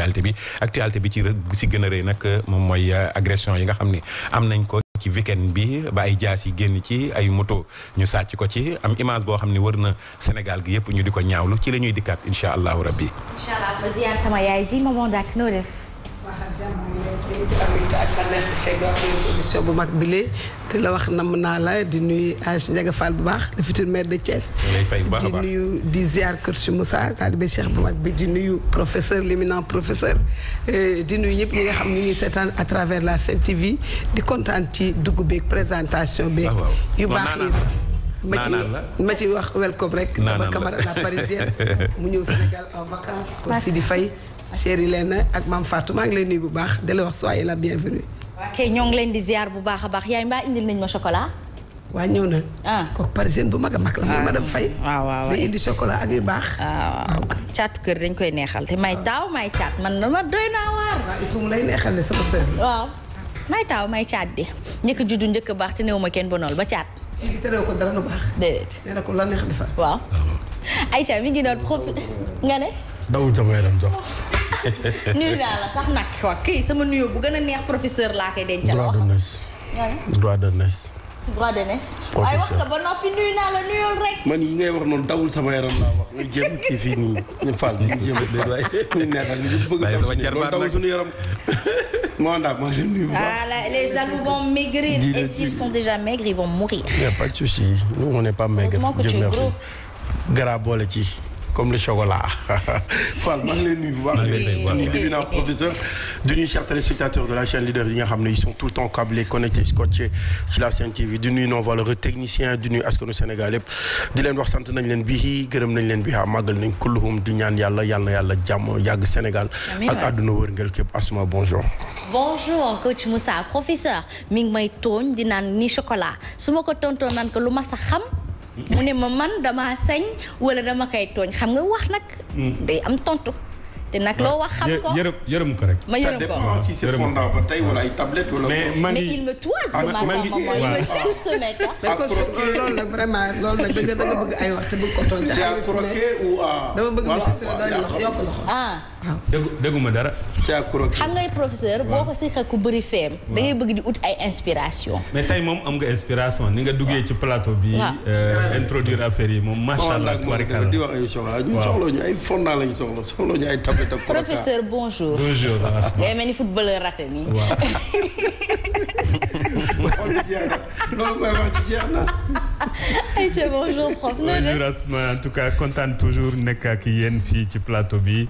actualité bi actualité bi ci bu si gën euh, moom mooy euh, agression yi nga xam ni am nañ ko ci weekend bi ba ay jaas yi génn ci ay moto ñu sàcc ko ci am image boo xam ne wër na Sénégal gi yëpp ñu di ko ñaawlu ci la ñuy dikkaat incha allahu rabbi. incha allah ziar sama yaay ji maman Dak noo di fekk ak yéen ci émission bu mag bi lee te la wax namm naa la di nuyu Hadj Ndiaga Fall bu baax le futur maire de Thiès. di nuyu di ziar Kër Cheikh Moussa taalibe Cheikh bu mag bi di nuyu professeur éminent professeur. Euh, di nuyu ñëpp ñi nga xam ñu ngi seetaan à travers la Sen TV di kontaan ci dugg beeg présentation beeg. Ah, yu baax yi ma ci ma ci wax welcome rek. naanaan la dama camarade la parisienne mu ñëw Sénégal en vacances. aussi di fay. chérie Lena ak maam Fatou maa ngi lay nuyu bu baax di la wax soyez la bienvenue. ok ñoo ngi leen di ziar bu baax a baax yaay mbaa indil nañ ma chocolat. waa ñëw na. ah kooku parisienne bu mag a mag la. waaw ah. madame Faye. Ah, waaw waaw day indi chocolat ak yu baax. Ah, waaw waaw caatu kër dañ koy neexal te may taaw may caat man dama doy naa waar. waaw il faut mu lay neexal ne sama sœur waaw may taaw may caat di njëkk juddu njëkk baax te néew ma kenn bonool ba caat. si gi terew ko dara lu baax. déedéet nee na ko la neex defar. waaw. ayca mi ngi doon profité nga ne. dawul sama yaram sax. nuyu naa la sax nag waaw kii sama nuyoo bu gën a neex professeur laa koy dencal. droit de d'honneur. droit d'honneur. droit d'honneur. waaye wax nga ba noppi nuyu naa la nuyul rek. man yi ngay wax noonu dawul sama yaram laa wax ñu jëm ci fii nii ñu fal ñu jëm de déglu ñu neexal ñu bëgg a dawul loolu dawul suñu yaram. Moi, moi, je ne ah, là, les jaloux vont maigrir. et s'ils sont déjà maigres, ils vont mourir. Il n'y a pas de souci. Nous, on n'est pas maigre Heureusement que Dieu tu es merci. gros. Gras, comme le chocolat. Fall maa ngi leen nuyu bu baax. professeur. di nuyu chers téléspectateurs de la chaîne leader yi nga ils sont tout le temps câblés connectés scotchés ci la Sen TV di nuyu non valeureux technicien de nuyu askanu Sénégal yëpp. di leen wax sant nañ leen bii gërëm nañ leen bii ah màggal nañ kulluhum di ñaan yàlla yàlla na yàlla jàmm Sénégal. ak àdduna wërngël képp Asma bonjour. bonjour coach Moussa professeur Ming ngi may ni chocolat su ma ko tontoon naan ko lu sa xam. mu ne ma man damaa sañ wala dama kay tooñ xam nga wax nag. Hmm. day am tontu. te nag loo wax xam ko yërëm yërëm ko rek. ma yërëm ko waaw si c'est fondant tey wala ay tablettes wala. mais man il ma toise ce matin maman il me cherche ce matin. à croquer loolu la vraiment loolu la dëgg dëgg bëgg ay wax te bëgg ko tooñ. c'est à croquer ou à. bëgg monsieur Touré doon yokk loxo. Ah. waaw déggu dégguma dara. xam ngay professeur boo ko seqee ku bëri feem. da ngay bëgg di ut ay inspiration. mais tey moom am nga inspiration ni nga duggee ci plateau bi. Euh, introduire affaire yi moom macha allah. tubarkalla di wax ay soxla ñun soxla ñu lañu soxla soxla ñu ay tablette ak professeur bonjour. bonjour asma en tout cas kontaan toujours nekka ak yéen fii ci plateau bi.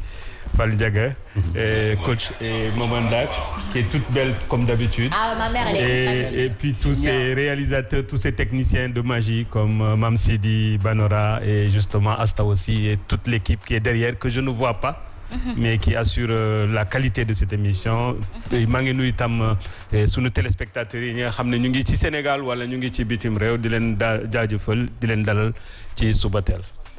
Faldiaga, et coach et Mamandak, qui est toute belle comme d'habitude. Ah, ma mère, elle est et, et puis tous ces réalisateurs, tous ces techniciens de magie comme euh, Mam Sidi, Banora et justement Asta aussi, et toute l'équipe qui est derrière, que je ne vois pas mhm. mais qui assure euh, la qualité de cette émission mhm. Et ngi nos euh, sunu téléspectateurs yi nga xam ñu ngi ci Sénégal wala ñu au ci bitim réew di leen au di dalal ci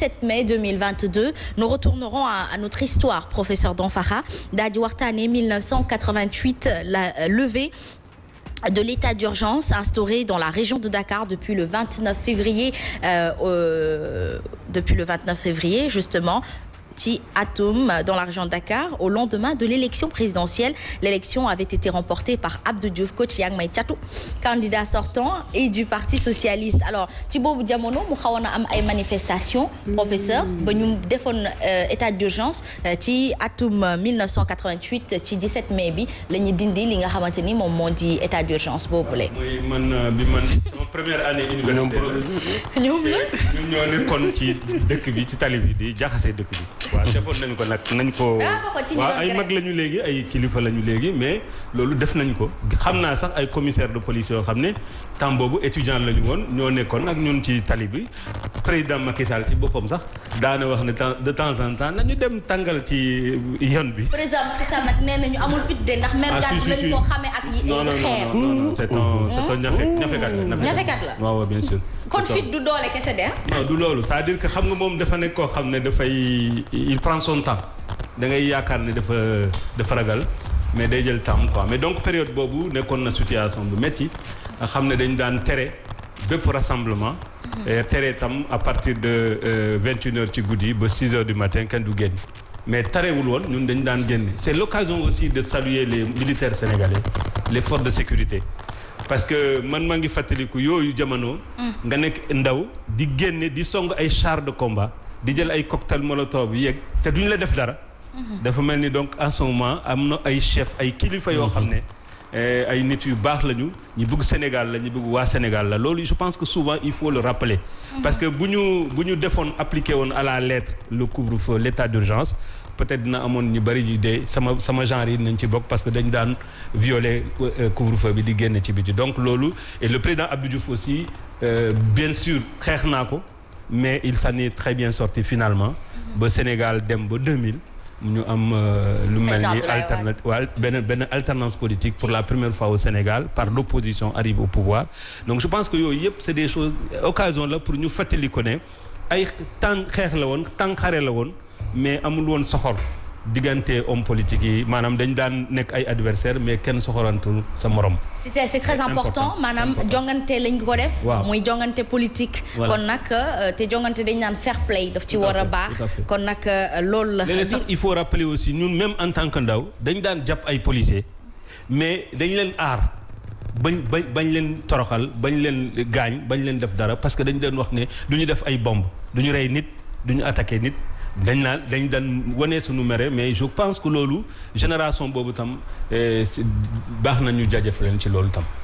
17 mai 2022, nous retournerons à, notre histoire, professeur Donfara. Dadiwartane 1988, la euh, levée de l'état d'urgence instauré dans la région de Dakar depuis le 29 février, euh, depuis le 29 février justement, Atoum dans la région Dakar au lendemain de l'élection présidentielle. L'élection avait été remportée par Abdou Diouf coach Yang candidat sortant et du Parti socialiste. Alors, Thibaut Diamono mu avons une am manifestations professeur ba ñu euh, état d'urgence euh, ci atum 1988 ci 17 mai bi la ñu dindi li nga ni état d'urgence waaw defoon nañ ko nag nañ ko ah, waaw ay mag lañu léegi ay kilifa lañu léegi mais loolu def nañ ko xam naa sax ay commissaire de police yoo xam ne temps boobu étudiant lañu woon ñoo nekkoon ak ñun ci tali bi président Macky Sall ci boppam sax daana wax ne de temps en temps nañu dem tàngal ci yoon bi président Macky Sall nag nee nañu amul fit de ndax mère gàtt ah, lañu ko xamee ak yi xeer non non non c'est un c'est un mmh. ñafe ñafekat la ñafekat la waaw bien sûr kon fit du doole kese de ah? non du loolu c'est-à-dire que xam nga moom dafa nekk koo xam ne dafay il prend son temps da ngay yaakaar ne dafa dafa ragal mais day jël temps quoi mais donc période boobu nekkoon na situation bu métti nga xam ne dañu daan tere bépp rassemblement mhm. tere tam à partir de euh, vingt une heures ci guddi ba six heures du matin kenn du génn mais tarewul woon ñun dañ daan génne c'est l'occasion aussi de saluer les militaires sénégalais les forces de sécurité parce que man maa ngi ku yoyu jamano mm. nga nek ndaw di génne di song ay char de combat di jël ay cocktail molotov yek te duñ la def dara. Mm-hmm. dafa melni donc en ce moment amna ay chef ay kilifa yo xamné ne. Mm-hmm. Eh, ay nit yu bax lañu ñi bëgg Sénégal la ñu bëgg wa Sénégal la loolu je pense que souvent il faut le rappeler. Mm-hmm. parce que buñu buñu bu appliquer defoon à la lettre le couvre-feu l'état d'urgence peut-être dina nous ñu bari ñu dé sama sama genre yi nañ ci parce que dañ daan violer euh, couvre-feu bi di génn ci biti donc loolu et le président Abdou aussi euh, bien sûr mais il s'en est très bien sorti finalement Au Sénégal dem ba 2000 ñu am euh, lu mel alternance politique pour la première fois au Sénégal par l'opposition arrive au pouvoir donc je pense que c'est des choses occasion la pour nous faire ko ne ay tant xeex la woon tant xare la mais amul won soxor diganté homme politique manam dañ dan nek ay adversaire mais ken soxorantul sa morom. c'est c'est très important manam jongante lañ ko def. moy jonganté jongante politique. kon nak euh, te jongante dañ naan fair play daf ci wara bax kon nak euh, lool la. il faut rappeler aussi ñun même en tant que ndaw dañ dan japp ay policiers mais dañ leen ar, bañ bañ leen toroxal bañ leen gagne, bañ leen def dara parce que dañ leen wax né duñu def ay bomb duñu ñu rey nit duñu attaquer nit. dañ naan dañ daan wane suñu mere mais je pense que loolu génération boobu tam eh, baax nañu ñu jaajëf leen ci loolu tam.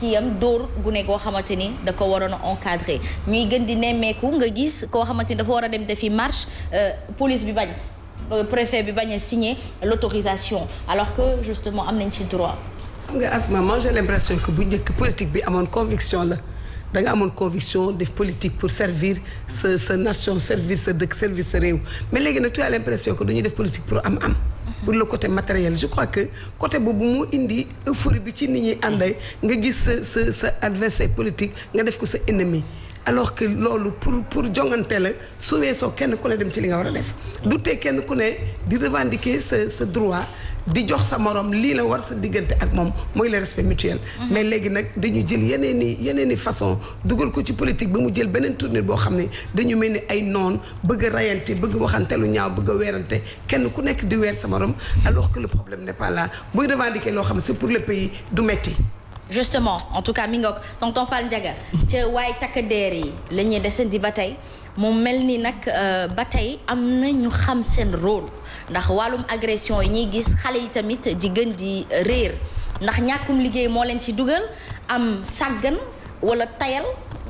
kiyam dóor gune koo xamante ni da ko waroon a encadré ñuy gën di nemmeeku nga gis koo xamante ni dafa war a dem defi marche euh, police bi bañ euh, préfet bi bañ a signé l'autorisation alors que justement am nañ ci droit xam nga Asma man j'ai l'impression que bu njëkk politique bi amoon conviction la da nga amoon conviction def politique pour servir sa sa nation servir sa dëkk servir sa réew mais léegi nag tu as l'impression que du ñuy def politique pour am am pour le côté matériel je crois que côté boobu il indi euphorie bi ci nit ñi nga gis sa sa adversaire politique nga def ko ennemi alors que pour pour antel il ne dem ci a def du revendiquer ce droit di jox sa morom le respect mutuel. Mhm. mais légui nak dañu jël yeneeni yeneeni façon duggal ko ci politique ba jël benen tournure bo xamné dañu melni ay non bëgg rayanté bëgg waxanté lu ñaaw bëgg kenn ku alors que le problème n'est pas là revendiquer c'est pour le pays justement en tout cas Mingok, ngoog ton Fall Ndiaga way tak yi mu mel ni euh, batay amna rôle. ndax wàllum agression yi ñuy gis xale yi tamit di gën di réer ndax ñàkkum liggéey moo leen ci dugal am sàggan wala tayal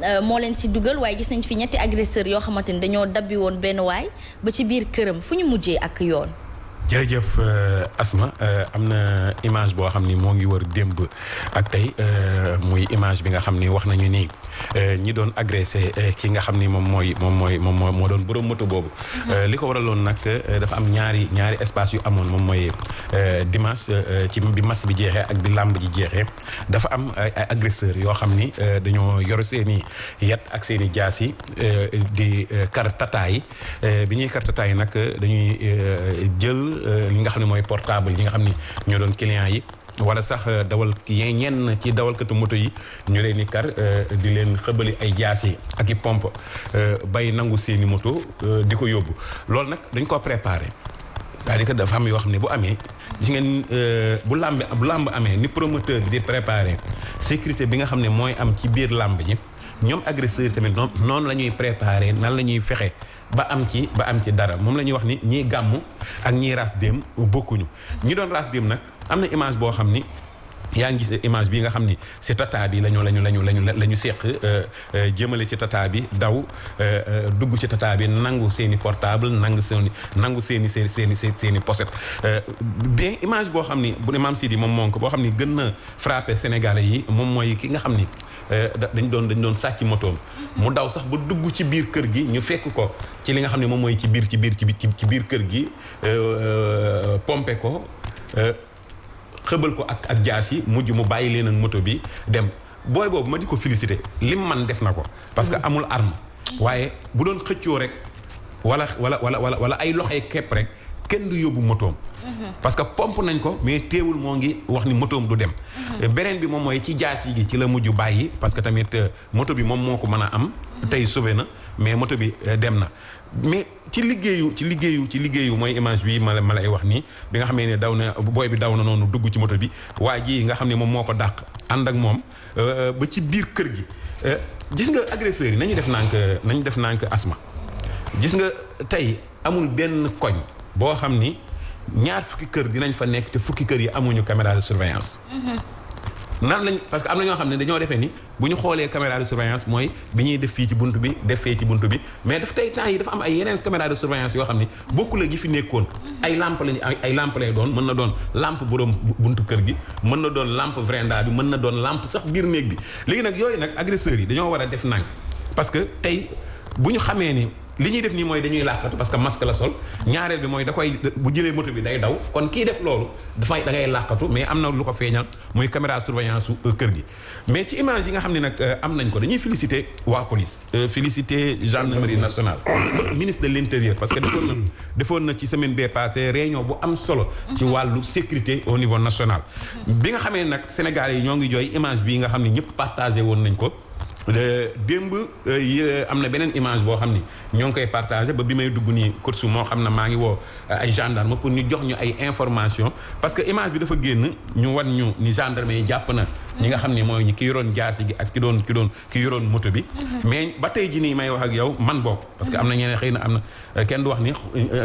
euh, moo leen ci dugal waaye gis nañ fi ñetti agresseur yoo xamante ni dañoo dabbi woon benn waay ba ci biir këram fu ñu mujjee ak yoon jërëjëf euh, Asma euh, am na image boo xam ni moo ngi wër démb ak tey euh, muy image bi nga xam ni wax nañu ni ñi doon agressé ki nga xam ni moom mooy moom mooy moom moo doon borom moto boobu. Mm-hmm. li ko waraloon nag dafa am ñaari ñaari espace amoon moom mooy dimanche ci bi mas bi jeexee ak bi làmb ji jeexee dafa am ay yoo xam ni dañoo yor seen i yat ak seen i jaas yi di kar tataay bi ñuy kar tataay nag dañuy jël. Euh, li nga xam ne mooy portable yi nga xam ne ñoo doon client yi wala sax euh, dawal ñenn ci dawalkatu moto yi ñu leen di kar euh, di leen xëbali ay jaasi ak i pompe bay nangu seeni moto di ko yóbbu loolu nag dañ koo préparer c'est-à-dire que dafa am yoo xam ne bu amee gis ngeen bu làmb bu làmb amee ni promoteur bi di préparé sécurité bi nga xam ne mooy am ci biir làmb ji ñoom agresseur tamit noonu la ñuy préparé nan la ñuy fexe ba am ci ba am ci dara moom la ñuy wax ni ñii gàmm ak ñii ras dem bokkuñu ñi doon ras dem nag am na image boo xam ni yaa ngi gis image bi nga xam ni si tata bi lañu lañu lañu lañu la ñu seq euh, euh, jëmale ci tata bi daw euh, dugg ci tata bi nangu seeni i portable nangu seen nangu seen i seen seen seen seen i bien image boo xam ni bu ne maam Sidi moom moom ko boo xam ni gën na frappé Sénégalais yi moom mooy ki nga xam ni Eh, dañ doon dañ doon sàcc motoom mu daw sax ba dugg ci biir kër gi ñu fekk ko ci li nga xam ne moom mooy ci biir ci biir ci biir kër gi eh, eh, pompe ko xëbal ko ak ak jaas yi mujj mu bàyyi leen ak moto bi dem booy boobu ma di ko félicité lim man def na ko parce que mm. amul arme waaye bu doon xëccoo rek wala wala wala wala ay loxoy képp rek kenn du yóbbu motoom. parce que pompe nañ ko mais teewul moo ngi wax ni motoom du dem. beneen bi moom mooy ci jaas yi ci la mujj bàyyi parce que tamit euh, moto bi moom moo ko mën a am. tey sauvé na mais moto bi euh, dem na. mais ci liggéeyu ci liggéeyu ci liggéeyu mooy image bi ma la ma lay wax nii bi nga xam ne daw na booy bi daw na noonu dugg ci moto bi waa ji nga xam ne moom moo ko dàq ànd ak moom euh, ba ci biir kër gi. gis nga agresseurs yi nañu def nànk nañu def nànk asma gis nga tey amul benn koñ. boo xam ni ñaar fukki kër dinañ fa nekk te fukki kër yi amuñu caméra de surveillance. nan lañ parce que am na ñoo xam ne dañoo defee ni bu ñu xoolee caméra de surveillance mooy bi ñuy def fii ci bunt bi def fee ci bunt bi mais daf tey temps yi dafa am ay yeneen caméra de surveillance yoo xam ni bokkul ak yi fi nekkoon. ay lamp lañ ay lamp lay doon mën na doon lamp borom buntu kër gi mën na doon lamp véranda bi mën na doon làmp sax biir néeg bi léegi nag yooyu nag agresseurs yi dañoo war a def nànk parce que tey bu ñu xamee ni li ñuy def nii mooy dañuy làqatu parce que masque la sol ñaareel bi mooy da bu jëlee moto bi day daw kon kii def loolu dafay da ngay làqatu mais am na lu ko feeñal mooy caméra surveillance su euh, kër gi mais ci image yi nga xam ne nag euh, am nañ ko dañuy féliciter waa police euh, féliciter gendarmerie nationale ministre de l'intérieur parce que defoon na ci semaine bee passé réunion bu am solo ci wàllu sécurité au niveau national mm-hmm. bi nga xamee nag Sénégal yi ñoo ngi jooy image bii nga xam ne ñëpp partagé woon nañ ko démb euh, euh, am na beneen image boo xam ni ñoo ngi koy partagé ba bi may dugg nii course moo xam ne maa ngi woo euh, ay gendarme pour ñu jox ñu ay information parce que image bi dafa génn ñu wan ñu ni gendarme yi jàpp na ñi nga xam ni mooy ki yoroon jaasi gi ak ki doon ki doon ki yoroon moto bi mhm. mais ba tey ji nii may wax ak yow man bokk parce que am na ñeneen xëy na am na kenn du wax ni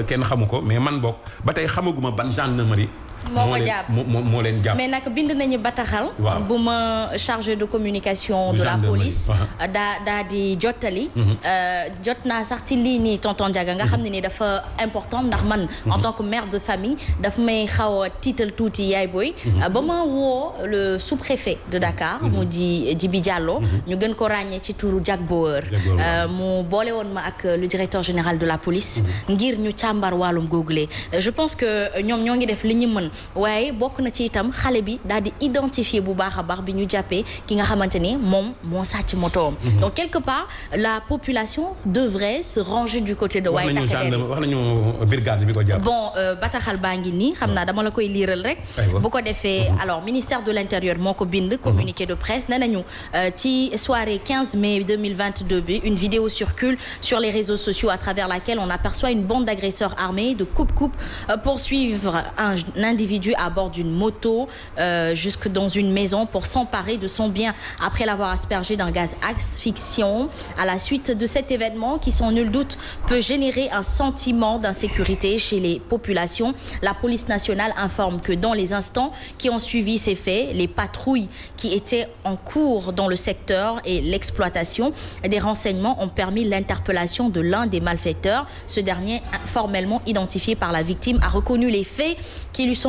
kenn xamu ko mais man bokk ba tey xamaguma ban gendarmerie moo ko jàpp moo mais nak bind nañu bataxal buma chargé de communication de la police da da di jotali mhm. euh jotna sax ci lii nii tonton Diaga nga xamni mhm. ni dafa important ndax man en mhm. tant que mère de famille daf may xaw titel touti yay boy euh, bama wo le sous-préfet de Dakar mu di Djibi Diallo ñu gën ko ragné ci touru Jack euh mu bolé won ma ak le directeur général de la police ngir ñu càmbar walum googule euh, je pense que euh, ñom ñoo def li ñi mën waaye ci bi di identifier bu donc quelque part la population devrait se ranger du côté de waaye e bon euh, bataxal baa ngi nii dama la koy rek bu ko mhm. alors ministère de l'intérieur moo mhm. communiqué de presse euh, ci soirée 15 mai 2022 une vidéo circule sur les réseaux sociaux à travers laquelle on aperçoit une bande d'agresseurs armés de coupe-coupe euh, poursuivre un individu à bord d'une moto euh, jusque dans une maison pour s'emparer de son bien après l'avoir aspergé d'un gaz asphyxiant. À la suite de cet événement, qui sans nul doute peut générer un sentiment d'insécurité chez les populations, la police nationale informe que dans les instants qui ont suivi ces faits, les patrouilles qui étaient en cours dans le secteur et l'exploitation des renseignements ont permis l'interpellation de l'un des malfaiteurs. Ce dernier, formellement identifié par la victime, a reconnu les faits qui lui sont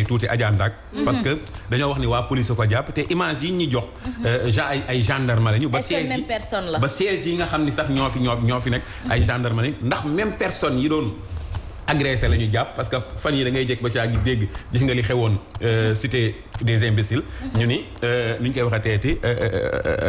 yi tuuti Adja Ndak mhm. parce que dañoo wax ni waa police ko jàpp te image yi ñu jox mhm. euh, ja ay ay gendarme la ñu ba siège yi ba siège yi nga xam ni sax ñoo fi ñoo ñoo fi nekk ay mhm. gendarme lañu ndax même personne yi doon agressé la ñu jàpp parce que fan yi da ngay jëkk ba saa gi dégg gis nga li xewoon euh, cité des imbéciles ñu ni euh, nu ñu koy waxatee ti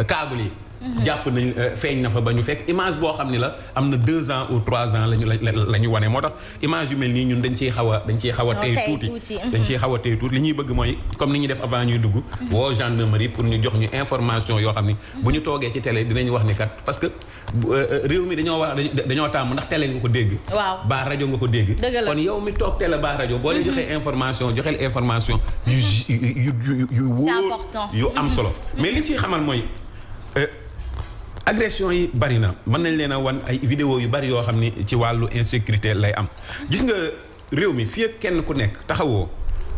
kaagul yi Mhm. jàpp nañ euh, feeñ na fa ba ñu fekk image boo xam ne la am na deux ans ou trois ans lañu la ñu wane moo tax image yu mel nii ñun dañ ciy xaw a dañ ciy xaw a tey tuuti dañ ciy xaw a tey tuuti li ñuy bëgg mooy comme ni ñuy def avant ñuy dugg mhm. woo gendarmerie pour ñu jox ñu information yoo xam ni bu ñu toogee ci télé dinañ wax ni kat parce que euh, euh, réew mi dañoo wax dañoo tàmm ndax télé nga ko dégg waaw baa rajo nga ko dégg kon yow mi toog télé ba rajo boo leen mhm. joxee information joxeel information yu yu yu wóor yu am solo mais li ñu ciy xamal mooy agression yi bari na mën nañ leen a wan ay vidéo yu bari yoo xam ni ci wàllu insécurité lay am gis nga réew mi fii kenn ku nekk taxawoo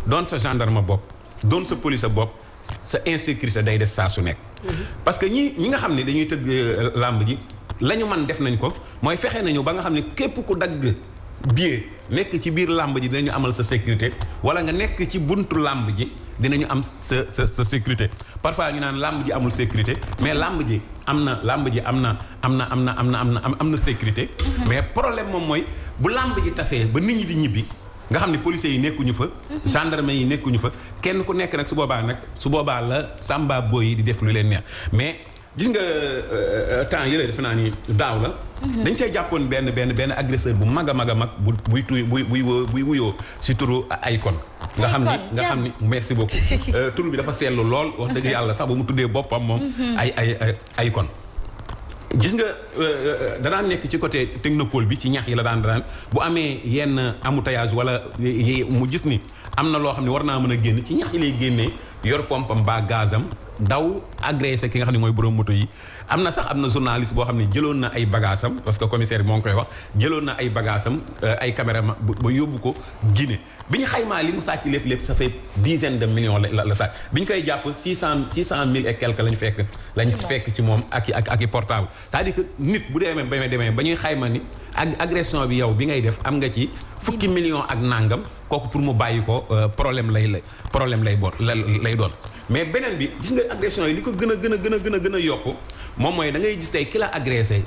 doon sa gendarme bopp doon sa police bopp sa insécurité day des saa su nekk mhm. parce que ñi ñi nga xam ne dañuy tëgg euh, làmb ji la ñu man def nañ ko mooy fexe nañu ba nga xam ne képp ku dagg biee nekk ci biir làmb ji dinañu amal sa sécurité wala nga nekk ci buntu làmb ji dinañu am sa sa sa sécurité parfois ñu naan làmb ji amul sécurité mais làmb ji am na làmb ji am na am na am na am na am na am na sécurité mhm. mais problème moom mooy bu làmb ji tasee ba nit ñi di ñibbi nga xam ne policiers yi nekkuñu fa mhm. gendarme yi nekkuñu fa kenn ku nekk nag su boobaa nag su boobaa la samba boy yi di def lu leen neex mais gis nga euh, euh, temps yi defe naa ni daaw la. Mhm. dañ see jàppoon benn benn benn agresseur bu mag a mag a mag bu buy tuy buy buy buy wuyoo si turu Akon. nga xam ni nga xam ni merci beaucoup. Euh, turu bi dafa seetlu lool wax dëgg mhm. yàlla sax ba mu tuddee boppam moom. Mhm. ay ay ay Akon. gis nga danaan nekk ci côté technopole bi ci ñax yi la daan daan bu amee yenn embouteillage wala mu gis ni am na loo xam ne war naa mën a génn ci ñax yi lay génnee. yor pompam ba gazam daw agressé ki nga xam ne mooy borom moto yi am na sax am na journaliste boo xam ne jëloon na ay bagaasam parce que commissaire bi moo ngi koy wax jëloon na ay bagaasam euh, ay caméra ba yóbbu ko Guinée bi ñu xaymaa li mu sàcc lépp lépp ça fait dizaine de millions la la sàcc bi ñu koy jàpp six cent six cent mille et quelque la ñu fekk la fekk ci moom ak i ak ak i nit bu demee ba demee ba ñuy xayma ni ak agression bi yow bi ngay def am nga ci fukki million ak nàngam kooku pour mu bàyyi ko euh, problème lay lay problème lay bon lay doon mais beneen bi gis nga agression yi li ko gën a gën a gën a gën gën a yokk moom mooy da ngay gis tey ki la agressé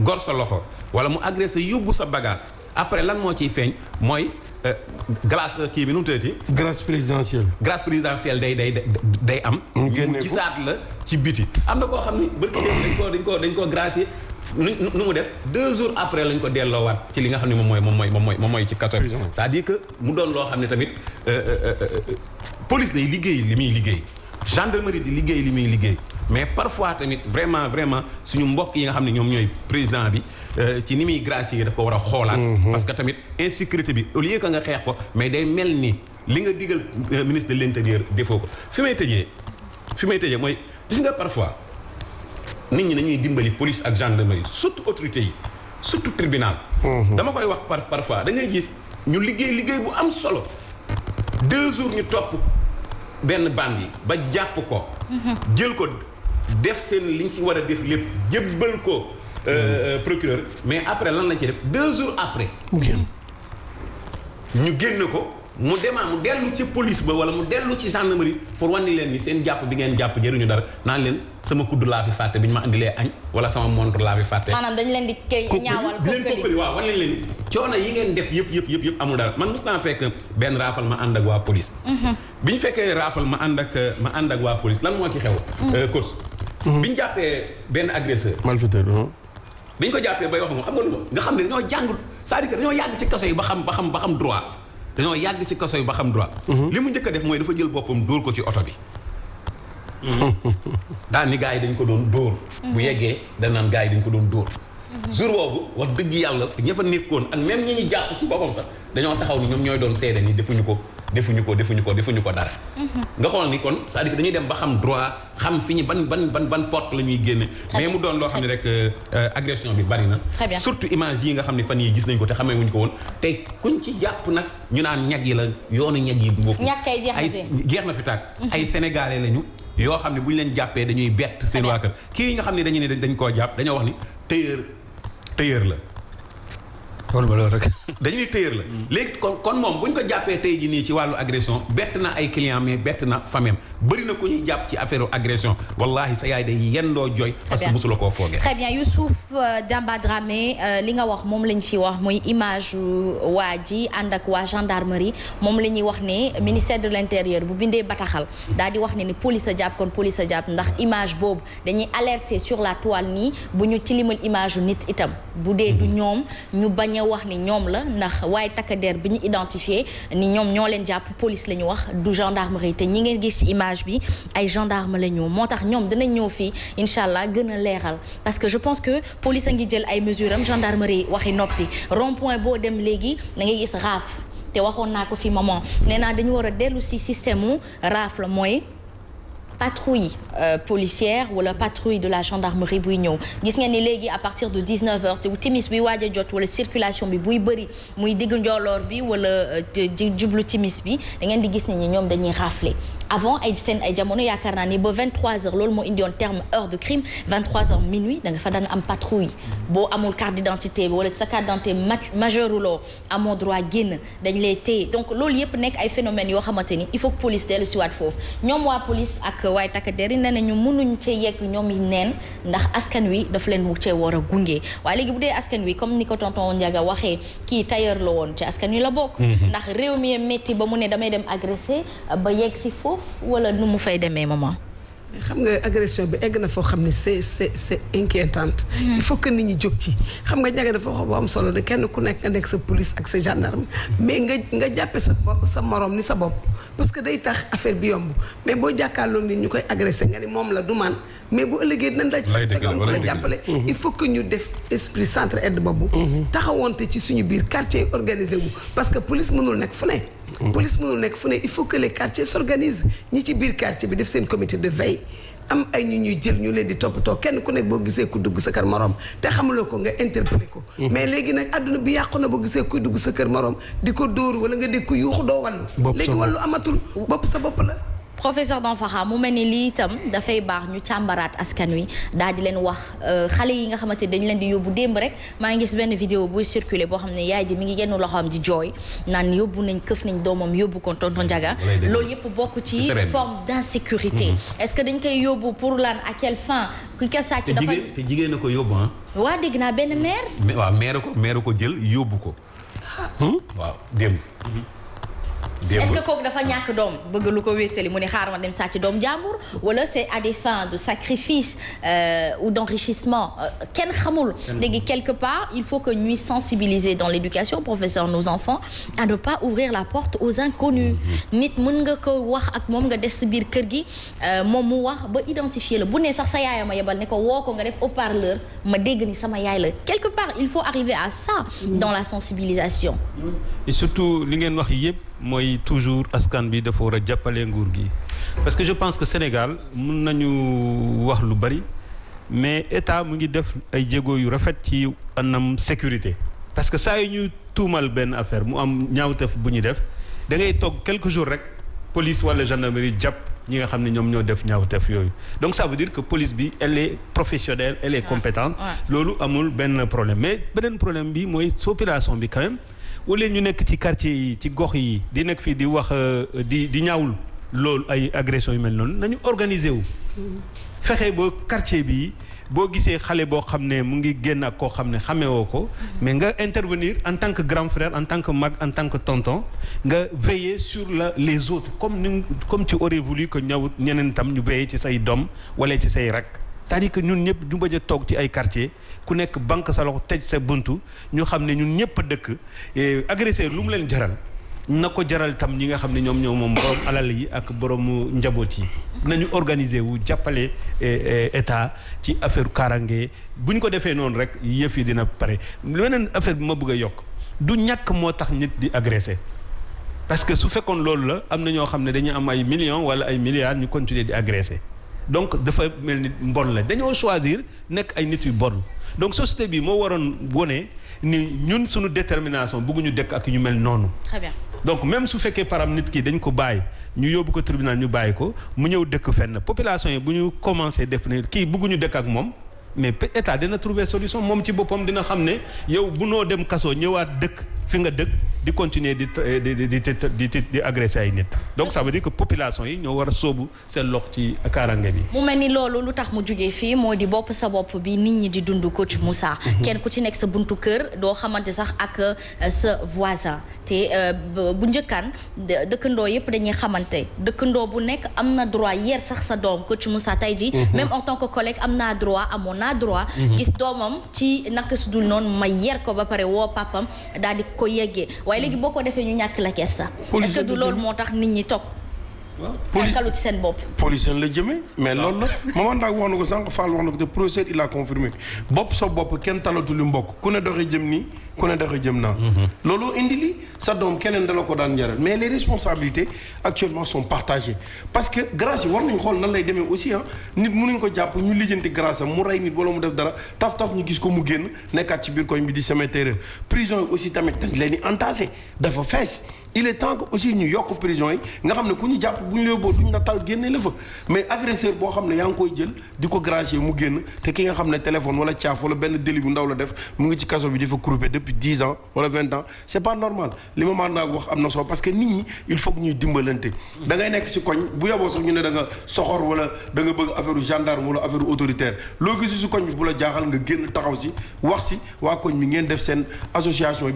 gor sa loxo wala mu agressé yóbbu sa bagage après lan moitié ci euh, grâce qui grâce présidentielle. grâce présidentielle day day day am. qui la ci biti. deux jours après ko c'est-à-dire que mu euh, euh, police day gendarmerie di mais parfois tamit vraiment vraiment suñu mbokk yi nga xam ne ñoom ñooy président bi euh, ci ni muy gracier daf ko war a xoolaat. Mhm. parce que tamit insécurité bi au lieu que nga xeex ko mais day mel ni li nga digal euh, ministre de l' intérieur defoo ko fi may tëjee fi may tëjee mooy gis nga parfois nit ñi dañuy dimbali police ak may surtout autorité yi surtout tribunal. Mhm. dama koy wax par parfois da ngay gis ñu liggéey liggéey bu am solo deux jours ñu topp benn bande yi ba jàpp ko. Mhm. ko. def seen liñ ci war a def lépp jébbal ko euh, mm. euh, procureur mais après lan la ci def deux jours après ñu génn ko mu demaa mu dellu ci police ba wala mu dellu ci gendarmerie pour wanni leen ni seen jàpp bi ngeen jàpp jëruñu dara naan leen sama kudd laa fi fàtte bi ñu ma andilee añ wala sama mont laa fi fàtte. dañ leen di ñaawal di leen kokkali waaw wan leen yi ngeen def yëpp yëpp yëpp yëpp amul dara man mos naa fekk benn raafal ma ànd ak waa police. Mhm. bi ñu fekkee raafal ma ànd ak ma ànd ak waa police lan moo ci xew. Mm. Euh, course Mhm. bi ñu jàppee benn agresseur. malfaiteur uh-huh. bi ñu ko jàppee bay wax moom xam nga lu nga xam ne dañoo jàngut c'est-à-dire que dañoo yàgg ci kaso yi ba xam ba xam ba xam droit dañoo yàgg ci kaso yi ba xam droit. Mhm. li mu njëkk def mooy dafa jël boppam dóor ko ci oto bi. Mhm. daal ni gars yi dañ ko doon dóor. mu yeggee danaan gaa yi dañ ko doon dóor. Mhm. jour boobu wax dëgg yàlla ña fa nekkoon ak même ñi ñu jàpp ci boppam sax dañoo taxaw ni ñoom ñooy doon seede ni defuñu ko defuñu ko defuñu ko defuñu ko dara. Mhm. nga xool ni kon c'est-à-dire dañuy dem ba xam droit xam fi ñu ban ban ban ban porte la ñuy génne. mais mu doon loo xam ne rek euh, euh, agression bi bari na. surtout image yi nga xam ne fan yi gis nañ ko te xamee wuñ ko woon te kuñ ci jàpp nag ñu naan ñag yi la yoonu ñag yi. ñàkk ay jeex na fi tàkk mhm. ay sénégalais lañu. yoo xam ne bu ñu leen jàppee dañuy bett seen waa kër kii yi nga xam ne dañu ne dañ koo jàpp dañoo wax ni tëyër tëyër la tool rek. dañuy teyeur la. Mm. léegi kon kon moom bu ko jappé tay ji ni ci walu agression bett na ay client mais bett na famem bari na ko ñuy japp ci affaire agression wallahi sa yaay day yendo joy parce que mosuloo koo foogee. très bien Youssouf euh, Damba Dramé euh, li nga wax mom lañ fi wax moy image waa ji ànd ak waa gendarmerie mom la ñuy wax né ministère de l'intérieur bu bindé bataxal daal di wax né ni police japp kon police japp ndax image bob dañuy alerter sur la toile ni buñu tilimal image nit itam budé du ñom ñu bañ wax ni ñom la ndax way takk der bi ñu ni ñom ñoo leen police lañu wax du gendarmerie te ñi ngeen gis ci image bi ay gendarme lañu motax ñom dinañ ñëw fi inshallah gëna léral parce que je pense que police ngi jël ay mesures am gendarmerie waxi nopi rond point bo dem légui da ngay gis raaf té waxoon naa ko fi maman néna dañu wara délu ci système mu la patrouille euh, policière wala patrouille de la gendarmerie bouignon gis ngeen ni légui à partir de 19h te timis bi waaj jot wala circulation bi buy bëri muy digg njooloor bi wala euh, jublu timis bi da ngeen di gis ni ñom dañuy rafler avant ay seen ay jamono yakarna ni ba 23h mo indi on terme heure de crime 23h minuit da nga fa daan am patrouille bo amul carte d'identité wala sa carte d'identité majeuruloo amoo droit guen dañ lay té donc loolu yépp nek ay phénomène yo xamanteni il faut que police ci wat foofu ñom wa police ak waaye takk der yi nee nañu mënuñ cee yegg ñoom yi neen ndax askan wi daf leen mu cee war a gunge waaye léegi bu dee askan wi comme ni ko tonton Ndiaga waxee kii tailleur la woon ci askan wi la bokk. Mhm. ndax réew mi metti ba mu ne damay dem agressé ba yegg si foofu wala nu mu fay demee maman. xam nga agression bi egg na foo xam ne c'est c'est c'est inquiétante mm-hmm. il faut que nit ñi jóg ci xam nga ñaga dafa wax bu am solo de kenn ku nekk nga nekk sa police ak sa gendarme mais nga nga jàppe sa sa morom ni sa bopp parce que day tax affaire bi yomb mais boo jàkkaarloo nit ñu koy agressé nga ni moom la du man mais bu ëllëgee dinañ laaj sax tegam ko la jàppale mm-hmm. il faut que ñu def esprit centre aide boobu mm-hmm. taxawante ci suñu biir quartier organiser wu parce que police mënul nekk fu ne Mm-hmm. police mënul nekk fu ne il faut que les quartiers s'organisent ñi ci biir quartier bi def seen comité de veille am ay ñu ñuy jël ñu leen di toppatoo kenn ku nekk boo gisee ku dugg sa kër morom te xamuloo ko nga interpellé ko. Mm-hmm. mais léegi nag àdduna bi yàqu na boo gisee kuy dugg sa kër morom di ko dóor wala nga dégg ko yuuxu doo wàllu. léegi wàllu amatul bopp sa bopp la. professeur Danfakha mu mel ni lii itam dafay baax ñu chambarat askan wi daal di leen wax euh, xalé yi nga xamante dañ leen di yobbu demb rek ma ngi gis ben vidéo bu circulé bo xamné ne yaay ji mi ngi genn loxoom di joy naan yobbu nañ keuf nañ domam yobbu ko tonton Ndiaga lool yëpp bokku ci forme d'insécurité mm-hmm. est-ce que dañ koy yobbu pour laan à quelle fin ku ka sàcc dafa te jigeen na ko yóbbu wa ah. waa na ben mère maire Wa mère ko mère ko jël yobbu ko ah. hmm? Wa démb mm-hmm est-ce que kooku dafa ñak doom bëgg lu ko wéetali mu ne xaar ma dem sacc doom jambour wala c'est à des fins de sacrifice euh, ou d'enrichissement euh, ken xamul quelque part il faut que nous sensibiliser dans l'éducation professeur nos enfants à ne pas ouvrir la porte aux inconnus mm-hmm. nit mën nga ko wax ak mom nga des si biir kër gi euh, mom mu wax ba identifier la bu ne sax sa yaaya ma yebal ne ko woo ko nga def au parleur ma dégg ni sama la quelque part il faut arriver à ça mm-hmm. dans la sensibilisation et surtout li ngeen wax yépp moi, toujours askan bi dafa war jappalé jàppale nguur gi parce que je pense que Sénégal mën nañu wax lu bari mais état mu ngi def ay jéego yu rafet ci anam sécurité parce que ça yu ñu tumal ben affaire mu am ñaawtef bu ñu def da ngay tok quelques jours rek police wala gendarmerie japp ñi nga xamni ñom ñoom ñoo def ñaawtef yoyu donc ça veut dire que police bi elle est professionnelle elle est compétente lolu amul ben problème mais benen problème bi moy population bi quand même au ñu nekk ci quartier yi ci gox yi di fi di wax euh, di di ñaawul lool ay agression yu mel non nañu quartier mu ngi intervenir en tant que grand frère en tant que mag en tant que tonton nga veiller sur les autres comme comme tu aurais voulu que ñaw ñenen tam ñu ci say wala quartier ku nekk banque sa loxo tej sa buntu ñu xam ne ñun ñëpp a dëkk agresseur lu mu leen jaral na ko jaral tam ñi nga xam ne ñoom ñoo moom borom alal yi ak boromu njaboot yi nañu organiser wu jàppale eh, eh, état ci affaire kaaraange bu ñu ko defee noonu rek yëf yi dina pare leneen affaire bi ma bëgg yokk du ñàkk moo tax nit di agressé parce que su fekkoon loolu la am na ñoo xam ne dañu am ay millions wala ay milliards ñu continuer di agressé donc dafa mel ni mbon la dañoo choisir nekk ay nit yu bon donc société bi moo waroon ni ñun suñu détermination bëgguñu dekk ak ñu mel noonu. très bien donc même su fekkee param nit ki dañ ko baye ñu yóbbu ko tribunal ñu baye ko mu ñew dekk fenn population yi bu ñu commencé définir kii bëgguñu dekk ak mom mais état dina trouver solution mom ci bopom dina xamné yow bu no dem kasso ñëwaat dekk fi nga dëkk di continuer di di di di di agressé ay nit. donc ça veut dire que population yi ñoo war a sóobu seen lox ci kaaraange bi. mu mel ni loolu lu tax mu jugee fii moo di bopp sa bopp bi nit ñi di dund ci Moussa. Mhm. kenn ku ci nekk sa buntu kër doo xamante sax ak euh, sa voisin te euh, bu njëkkaan dëkkandoo yëpp dañuy xamante dëkkandoo bu nekk am na droit yer sax sa doom ci Moussa tey jii. Mhm. même en tant que collègue amna naa droit amoon naa droit. Mhm. gis doomam ci naka su dul noonu ma yer ko ba pare woo papam daal di. ko yeggee waaye léegi boo ko defee ñu ñàkk la kersa est-ce que du lool moo tax nit ñi toog police les police la partagées. mais loolu ah. maman Ndak que ko sank Fall avons ko procès il a confirmé talatu ku ne que ku ne mhm. indi li sa ko mais les responsabilités actuellement sont partagées parce que grâce war nañ xol nan lay aussi hein nit mënuñ ko ñu grâce def taf taf ñu gis ko mu ci koñ prison aussi tamit dañ dafa il est temps que aussi New York prison yi nga xamne le japp buñu jàpp duñ na mais agresseur pour xamne koy jël diko mu génn té ki nga xamne téléphone wala wala bu ndaw la def mu ngi ci depuis dix ans wala 20 ans c'est pas normal les ma parce que nit il faut que ñuy da ngay nekk ci koñ bu sax ñu da nga soxor wala da gendarme wala affaire autoritaire la nga génn taxaw association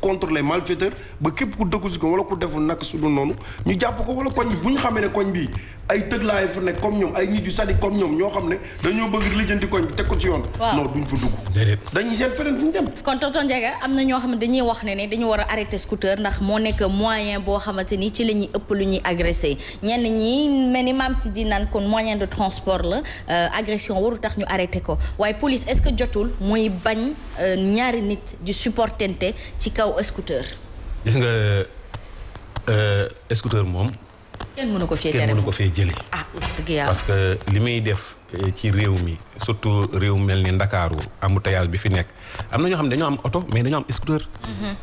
contre les malfaiteurs ba képp dëggu si ko wala ku deful nak su dul noonu ñu japp ko wala koñ bi bu ñu xamee ne koñ bi ay teug tëglaay fa nek comme ñom ay nit yu sadi comme ñoom ñoo xam ne dañoo bëgg lijjanti koñ bi tekku ci yoon non duñ fa dugg déedéet dañuy seen feneen fuñ dem kon tonton Ndiaga amna ño xamné dañuy wax né ne dañu wara arrêter scooter ndax mo nek moyen bo xamanteni ci la ëpp luñuy agresser ñen ñi mel mam maam si di naan kon moyen de transport la euh, agression waru tax ñu arrêter ko waaye police est-ce que jotul moy bañ euh, ñaari nit di supportenté ci kaw scooter gis nga euh, euh, scooter moom. kenn mënu ko fee tere ko fee jëlee. ah dëgg yàlla parce que li muy def euh, ci réew mi surtout réew mel ni Ndakaaru embouteillage bi fi nekk am na ñoo xam ne dañoo am oto mais dañoo am scooter. Mhm.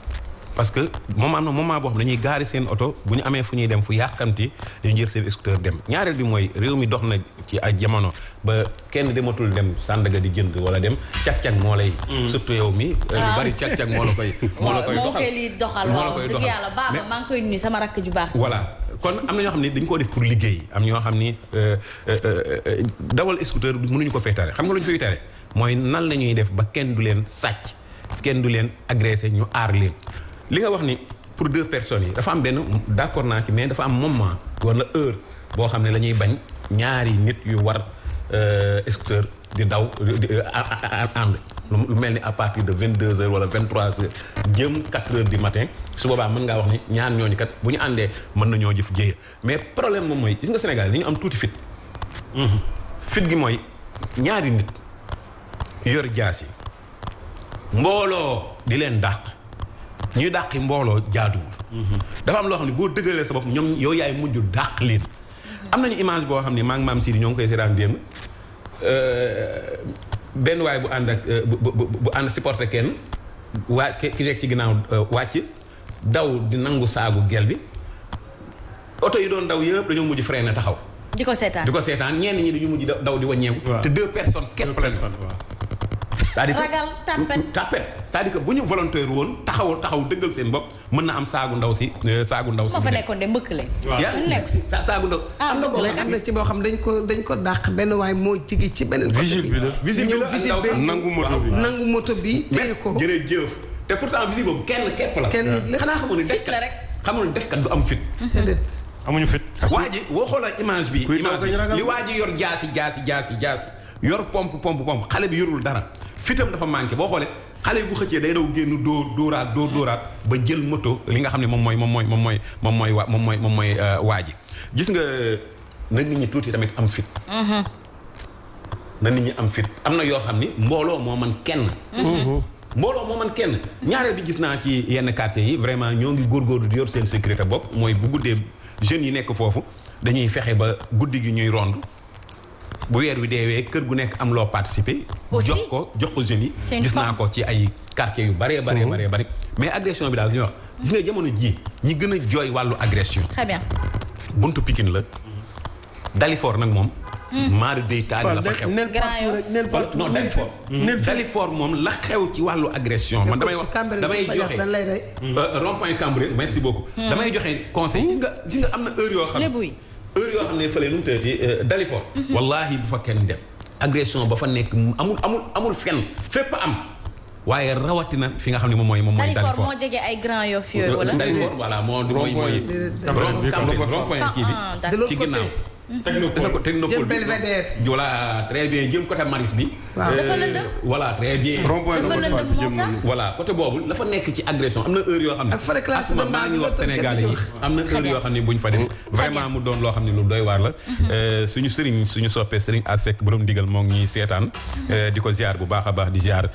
parce que moom am na moment boo xam dañuy gaari seen oto bu ñu amee fu ñuy dem fu yàkkamti dañu jël seen scooter dem ñaareel bi mooy réew mi dox na ci ay jamono ba kenn dematul dem Sandaga di jënd wala dem cag-cag moo lay mm. surtout yow mi euh, lu bari cag-cag moo la koy moo koy doxal moo la koy doxal yàlla sama rakk ju baax voilà kon am na ñoo xam ne dañ koo def pour liggéey am ñoo xam ni euh, euh, dawal scooter mënuñu ko feetare xam nga lu ñu fay tare mooy nan la ñuy def ba kenn du leen sàcc kenn du leen agressé ñu aar leen li nga wax pour deux personnes dafa am d'accord naa ci mais dafa am moment wala heure bañ ñaari nit yu daw à partir de 22 h heures wala vingt trois heures heures du matin su boobaa mën ngaa wax ni ñaar ñooñu kat bu mais problème moom mooy gis nga Sénégal ni am tuuti fit mm-hmm. fit ñaari nit yor di leen ñuy dàqi mbooloo jaaduwul. Mhm. dafa am loo xam ne boo dëggalee sa bopp ñoom yow yaay mujj dàq leen. Mhm. am nañu image boo xam ne maa ngi maam Sidi ñoo ngi koy seetaan démb euh, benn waay bu ànd ak euh, bu bu ànd supporter kenn waa ki rek ci ginnaaw euh, wàcc daw di nangu saagu gel bi oto yi doon daw yëpp dañoo mujj freiné taxaw. di ko seetaan di ko seetaan ñenn ñi dañu mujj daw di wàññeeku. te deux personnes képp la c'est-à-dire ragal tapet tapet c'est-à-dire que bu ñu volontaire woon taxaw taxaw dëggal seen bopp mën na am saagu ndaw si euh, saagu ndaw si. moo fa nekkoon de mbëkk lañ. saagu ndaw. Ah, am na koo xam ne ci boo xam dañ ko dañ ko dàq benn waay moo jigi ci beneen. visite bi la visite bi la nangu moto bi nangu moto bi. téye ko jërëjëf te pourtant visite boobu kenn képp la. kenn xanaa xamoon ne def la rek. xamoon ne def kat du am fit. amuñu fit. waa ji woo xoolal image bi. image bi li waa ji yor jaasi jaasi jaasi jaasi yor pompe pompe pompe xale bi yorul dara fitam dafa manqué boo xoolee xale bu xëccee day daw génn dóor dóoraat dóor dóoraat ba jël moto li nga xam ne moom mooy moom mooy moom mooy moom mooy waa moom mooy euh, waa ji gis nga na nit ñi tuuti tamit am fit mm-hmm. na nit ñi am fit am na yoo xam ni mbooloo moo man kenn mm-hmm. Mm-hmm. mbooloo moo man kenn ñaareel bi gis naa ci yenn quartier yi vraiment ñoo ngi góorgóorlu di yor seen sécurité bopp mooy bu guddee jeunes yi nekk foofu dañuy fexe ba guddi gi ñuy rond bu weer wi deewee kër gu nekk am loo participer. jox ko jox ko jeunes yi. gis naa ko ci ay quartiers yu bëree bëree oh. bëree bëri. mais agression bi daal li wax gis nga jamono jii ñi gën jooy wàllu agression. très bien. buntu Pikine la. Dalifor nag moom. Hmm. maar day taal la fa xew. non Dalifor. Dalifor hmm. moom la xew ci wàllu agression. man damay wax damay joxe euh, rond point Cambérène merci beaucoup. Hmm. damay joxe conseil gis nga gis nga am na heure yoo xam ne. heure yoo xam ne fële nu mu tënatee euh, Dalifort. Mhm. bu fa kenn dem. agression ba fa nekk amul amul amul fenn fépp am waaye rawatina fi nga xam ne moom mooy moom moo jege ay Grand Yoff yooyu wala. Dalifort voilà moo mooy mooy. rond point rond point kii bi ah, ah, ci ginnaaw. Mhm. technopole technopole bi voilà très bien jëm côté maris bi. waaw euh, dafa lëndëm voilà très bien. dafa lëndëm moo tax voilà côté boobu dafa nekk ci agression am na heure yoo xam ne. ak asma maa ngi wax am na heure yoo xam ne buñ fa def vraiment mu doon loo xam ne lu doy waar la. Mhm. Euh, suñu sëriñ suñu soppee sëriñ Asek borom ndigal moo ngi ñuy seetaan. Mhm. Euh, di ko ziar bu baax a baax di ziar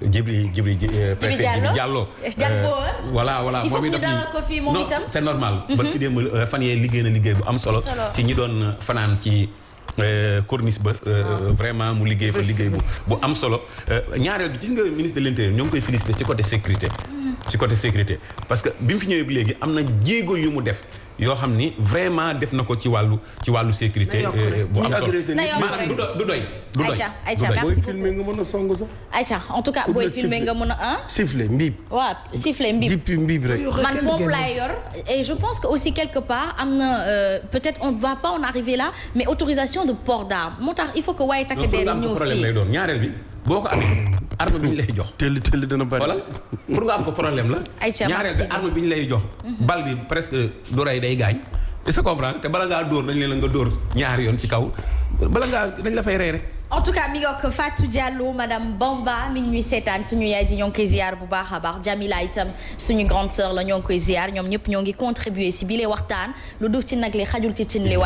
Djibril Djibril. Djibril Diallo Djibril Diallo. Eh, voilà voilà moom itam il faut que mu dalal ko fii moom itam. c'est normal. ba ki démb fan yee liggéey na liggéey bu am solo ci ñi doon doon fanaan ci euh, corniche ba euh, ah. vraiment mu liggéey fa liggéey bu bu am solo euh, ñaareel bi gis nga ministre de l'intérieur ñoo ngi koy félicité ci côté sécurité mm. ci côté sécurité parce que bi mu fi ñëwee léegi am na jéego yu mu def yoo xam ni vraiment def na ko ci wàllu ci wàllu sécurité. Euh, bu am solo maanaam du doy du doy. ayca ayca merci beaucoup booy filmé nga mën a song sax. ayca en tout cas booy filmé nga mën a ah. sifflet mbiib. waaw sifflet mbiib. depuis mbiib rek. man pompe laa yor et je pense que aussi quelque part am na euh, peut-être on ne va pas en arriver là mais autorisation de port d'arme moo tax il faut que waaye takk dee ñëw fii problème lay doon ñaareel bi boo ko amee. arme bi ñu lay jox. teel teel dana bari. voilà pour nga am ko problème la. ayca ñaareel bi arme bi ñu lay jox. Mhm. bal bi presque du rey day gaañ est-ce que te bala ngaa dóor dañ leen la nga dóor ñaar yoon ci kaw bala ngaa dañ la fay rey en tout cas mi Fatou Diallo madame Bamba minuit 7 ans seetaan suñu yadi ji koy ziar bu baax baax grande sœur la ñoo koy ziar ñoom et ñoo ngi si bile waxtaan lu dul ci nag li xajul ci li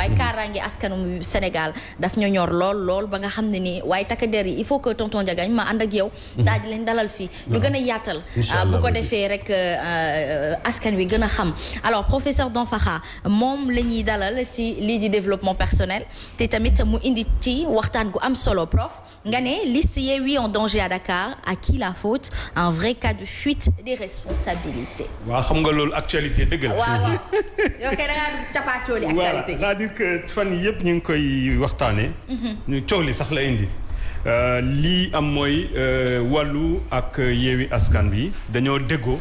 Sénégal daf ñu ñor lool lool ba nga xam il faut que tonton Diagagne ma ànd ak yow. Mhm. daal di leen dalal fii. lu ah, rek euh, askan wi gën ham. alors professeur Danfakha mom leni dalal ci développement personnel tetamit tamit mu indi ci waxtaan gu am solo prof nga ne lycée oui en danger à Dakar à qui la faute un vrai cas de fuite des responsabilités. waaw xam nga loolu actualité dëgg la. waaw waaw yow kay da ngaa dugg si cappaatooli actualité. voilà c'est-à-dire que fan yii yëpp ñu ngi koy waxtaanee. Mhm. ñu coow li sax la indi. Euh, lii am mooy euh, wàllu ak yeewi askan wi dañoo déggoo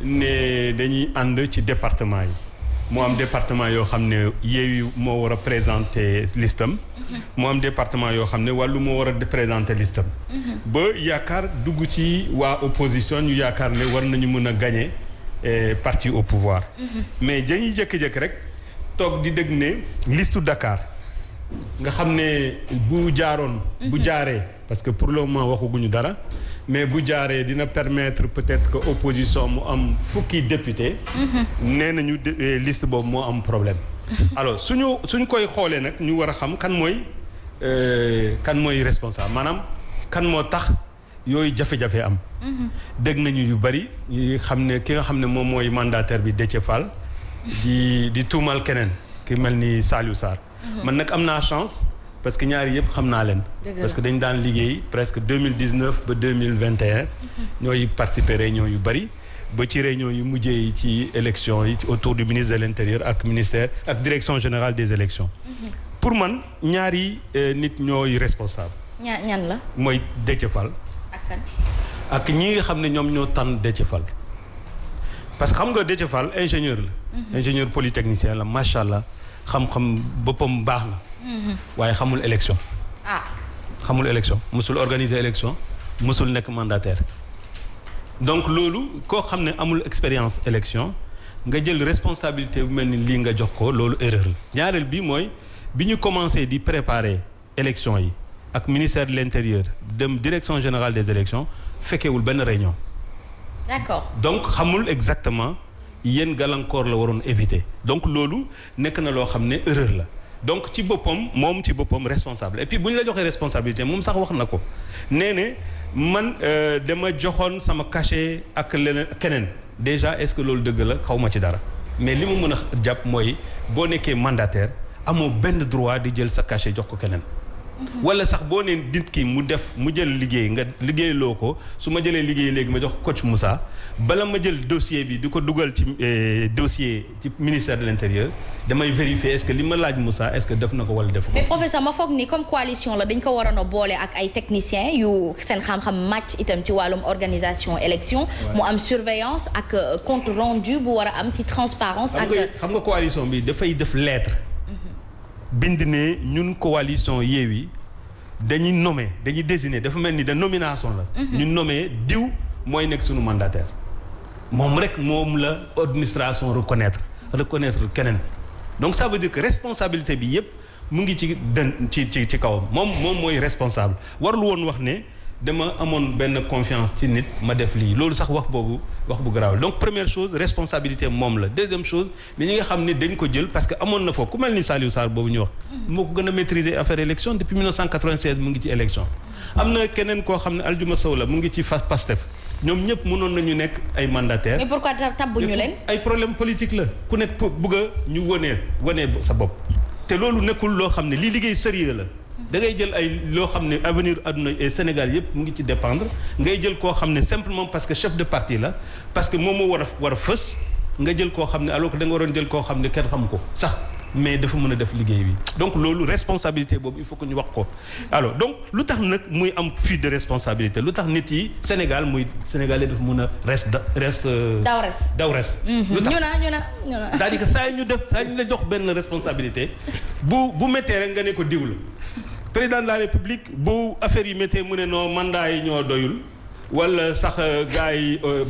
ne dañuy ànd ci département yi. mu am département yoo xam ne Yewwi moo war a présenter listam moo am département yoo xam ne wàllu moo war a présenter listam ba yaakaar dugg ci waa opposition ñu yaakaar ne war nañu mën a gagner eh, parti au pouvoir mais dañuy jëkk-jëkk rek toog di dégg ne listu Dakar nga xam ne bu jaaroon bu mhm. jaaree parce que pour le moment waxaguñu dara mais bu jaaree dina permettre peut-être que opposition mu am fukki député nee nañu eh, liste boobu moo am problème alors suñu suñ koy xoolee nag ñu war a xam kan mooy eh, kan mooy responsable maanaam kan moo tax yooyu jafe-jafe am mhm. dégg nañu yu bari yi xam ne ki nga xam ne moom mooy mandataire bi Déthié Fall di di tuumal keneen ki mel ni Saliou Sarr mhm. man nag am naa chance parce que nous, yëpp xam parce que nous daan liggéey presque 2019 2021, ba 2021 mille vingt réunions. Mhm. réunion yu ba ci réunion yu mujjee élection autour du ministre de l'Intérieur, intérieur ak ministère ak direction générale des élections mhm. pour moi, ñaari euh, nit ñooy responsable. ñan la. mooy sommes ak kan. ak ñi nga xam ñoo parce que xam nga ingénieur la. Mhm. ingénieur polytechnicien la macha xam-xam Mhm. waaye xamul élection. ah xamul élection mosul organiser élection mosul nekk mandataire. donc loolu koo xam ne amul expérience élection nga jël responsabilité bu mel ni lii nga jox ko loolu erreur la. ñaareel bi mooy bi ñu commencé di préparer élection yi ak ministère de l'Intérieur intérieur dem direction générale des élections fekkewul benn réunion. d' accord donc xamul exactement yéen gàllankoor la waroon éviter donc loolu nekk na loo xam erreur la donc ci bopom mom responsable et puis si la responsable, responsabilité mom sax wax ne man euh, dama joxone sama cachet ak déjà est-ce que l'ol Je la ci dara mais limu que je moy bo si mandataire Amo benn droit di jël sa cachet jox ko kenen mhm. wala sax bo dit ki mu def mu jël nga coach bala ma jël dossier bi di ko euh, dossier ministère de l'intérieur damay vérifier est-ce que li ma laaj Moussa est-ce que def na ko wala def mais professeur ma foog ni comme coalition la dañ ko waroon a boole ak ay techniciens yu seen xam-xam match itam ci wàllum organisation élection. mu am surveillance ak euh, compte rendu bu war a am ci transparence ak xam nga coalition bi dafay def lettre. bind ne ñun coalition yéwi, dañuy nommer dañuy désigner dafa mel ni da nomination la. Mhm. ñu nommer diw mooy nekk sunu mandataire. moom rek moom la administration reconnaître reconnaître keneen donc ça veut dire que responsabilité bi yëpp mu ngi ci ci ci ci kawam moom moom mooy responsable warlu woon wax ne dama amoon benn confiance ci nit ma def lii loolu sax wax boobu wax bu garaaw donc première chose responsabilité moom la deuxième chose mais ñi nga xam ne dañ ko jël parce que amoon na foofu ku mel ni Saliou Sarr boobu ñu wax moo ko gën a maîtriser affaire élection depuis 1996 mu ngi ci élection am na keneen koo xam ne Aljuma Sow la mu ngi ci Pastef ñoom ñëpp mënoon nañu nekk ay mandataires. mais pourquoi tabbu ñu leen. ay problème politique la ku nekk bëgg a ñu wane wane sa bopp. te loolu nekkul loo xam ne lii liggéey sérieux la. da ngay jël ay loo xam ne avenir adduna et Sénégal yëpp mu ngi ci dépendre ngay jël koo xam ne simplement parce que chef de parti la parce que moom moo war a war a fës nga jël koo xam ne alors que da nga waroon jël koo xam ne kenn xamu ko sax. mais dafa mën a def liggéey bi donc loolu responsabilité boobu il faut que ñu wax ko alors donc lu tax nag muy am fuite de responsabilité lu tax nit yi Sénégal muy sénégalais dafa mën a reste da euh, res. daw res daw mhm. ñu na ñu na ñu na. c'est-à-dire que saa ñu def saa ñu la jox benn responsabilité bu bu méttee rek nga ne ko diwlu président de la république bu affaire yi méttee mu ne noo mandat yi ñoo doyul. wala sax euh, gars yi euh,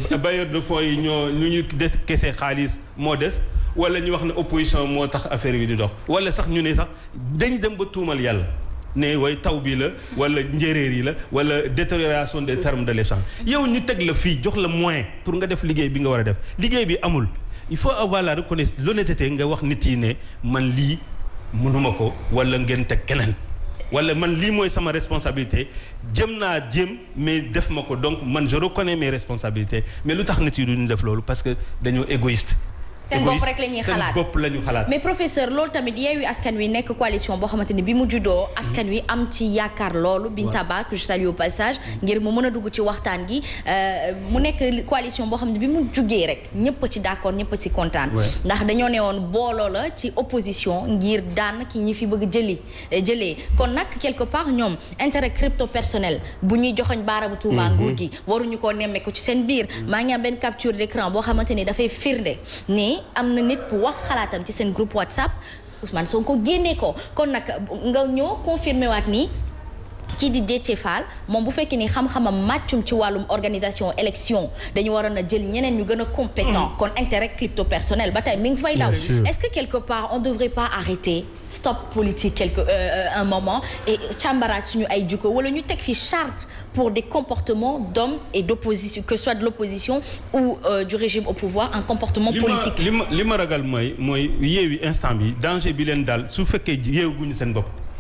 de fonds yi ñoo ñu ñu des kese xaalis moo des wala ñu wax ne opposition moo tax affaire bi di dox wala sax ñu ne sax dañu dem ba tuumal yàlla ne way taw bi la wala njéeréer yi la wala détérioration des termes de l'échange yow ñu teg la fii jox la moyen pour nga def liggéey bi nga war a def liggéey bi amul il faut avoir la reconnaissance l'honnêteté nga wax nit yi ne man lii mënuma ko wala ngeen teg keneen wala man lii mooy sama responsabilité jëm naa mais def ma ko donc man je reconnais mes responsabilités mais lu tax nit yi duñu def loolu parce que dañoo égoïste sen rek mais professeur loolu tamit yeewi askan wi nekk coalition bo xamanteni bi mu juddoo askan wi am ci loolu que je salue au passage ngir mu mën a dugg ci waxtaan gi euh, mu nekk coalition boo xam ne bi mu rek ñëpp ci d'accord ñëpp ci kontaan ndax dañoo ne woon booloo la ci opposition ngir daan ki ñi fi bëgg jëli euh, jëlee kon nak quelque part ñoom intérêt crypto personnel bu ñuy joxoñ baarabu tuuba mhm. nguur gi waruñu koo nemmeeku ci seen biir mhm. maa ngi am benn capture d'écran boo xamante ni dafay firnde ni ni am na nit bu wax xalaatam ci seen groupe WhatsApp Ousmane Sonko génnee ko kon nag nga ñoo confirmé waat nii qui dit Déthié mon moom bu n'est ni un match qui ci une organisation élection dañu waroon un ñeneen ñu gën compétent mm. kon intérêt crypto personnel est-ce que quelque part on devrait pas arrêter stop politique quelque euh, euh, un moment et nous suñu ay ou wala ñu fi pour des comportements d'hommes et d'opposition que soit de l'opposition ou euh, du régime au pouvoir un comportement politique li ma ragal mooy mooy instant bi danger bi leen daal su fekkee un seen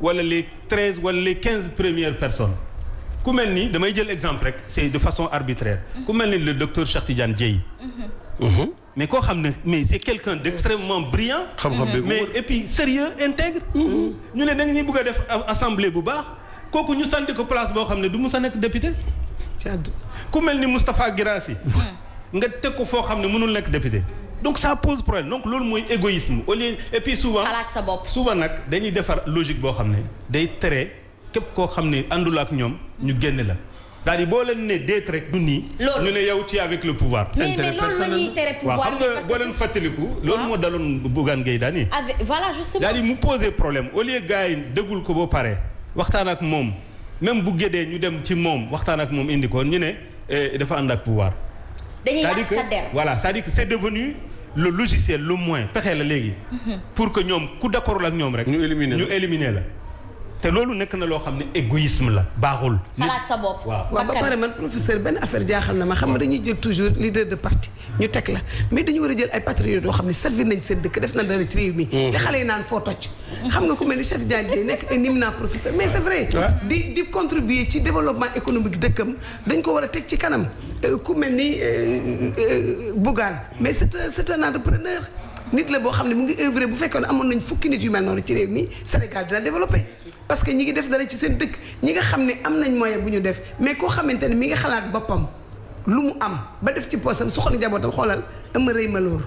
ou les 13 ou les 15 premières personnes ku elle damay jël exemple c'est de façon arbitraire comme mhm. elle le docteur Cheikh Tidiane mhm. Mhm. mais mais c'est quelqu'un d'extrêmement brillant mais et puis sérieux intègre nous ne da bëgg assemblée bu baax député ni Moustapha député donc ça pose problème donc loolu moy égoïsme au lieu et puis souvent sa souvent nak dañuy défar logique bo xamné day téré képp ko xamné ne ak ñom ñu génn la daal bo leen ne rek du ñu né yow ci avec le pouvoir. mais mais loolu la ñuy pouvoir parce que bo leen fàttaliku. loolu mo daloon Bougane Gueye Dany. voilà justement Dali mu poser problème au lieu gars yi ko bo pare waxtaan ak mom même bu gédé ñu dem ci mom waxtaan ak mom indi ko ñu né eh, dafa and ak pouvoir voilà cest que c'est devenu le logiciel le moins mhm. pour que nous ku d'accord éliminer te loolu nekk na loo xam ne égoïsme la baaxul. xalaat sa bopp waaw ba pare man professeur benn affaire jaaxal na ma xam nga dañuy jël toujours leader de parti ñu teg la mais dañu war a jël ay patriotes yoo xam ne servir nañ seen dëkk def na dara ci réew mi. Mhm. te xale yi naan foo toj. xam nga ku mel ni Cheikh Tidiane Dièye nekk un hymne professeur mais c'est vrai. di di contribuer ci développement économique dëkkam dañ ko war a teg ci kanam euh, ku mel ni euh, euh, Bougane mais c'est un c'est boo xam ne mu ngi œuvrer bu fekkoon amoon nañ fukki nit yu mel noonu ci réew mi Sénégal dina développer. parce que ñi ngi def dara ci seen dëkk ñi nga xam ne am nañ moyen bu ñu def mais koo xamante ne mi ngi xalaat boppam lu mu am ba def ci poosam soxla njabootam xoolal ama rëy ma loor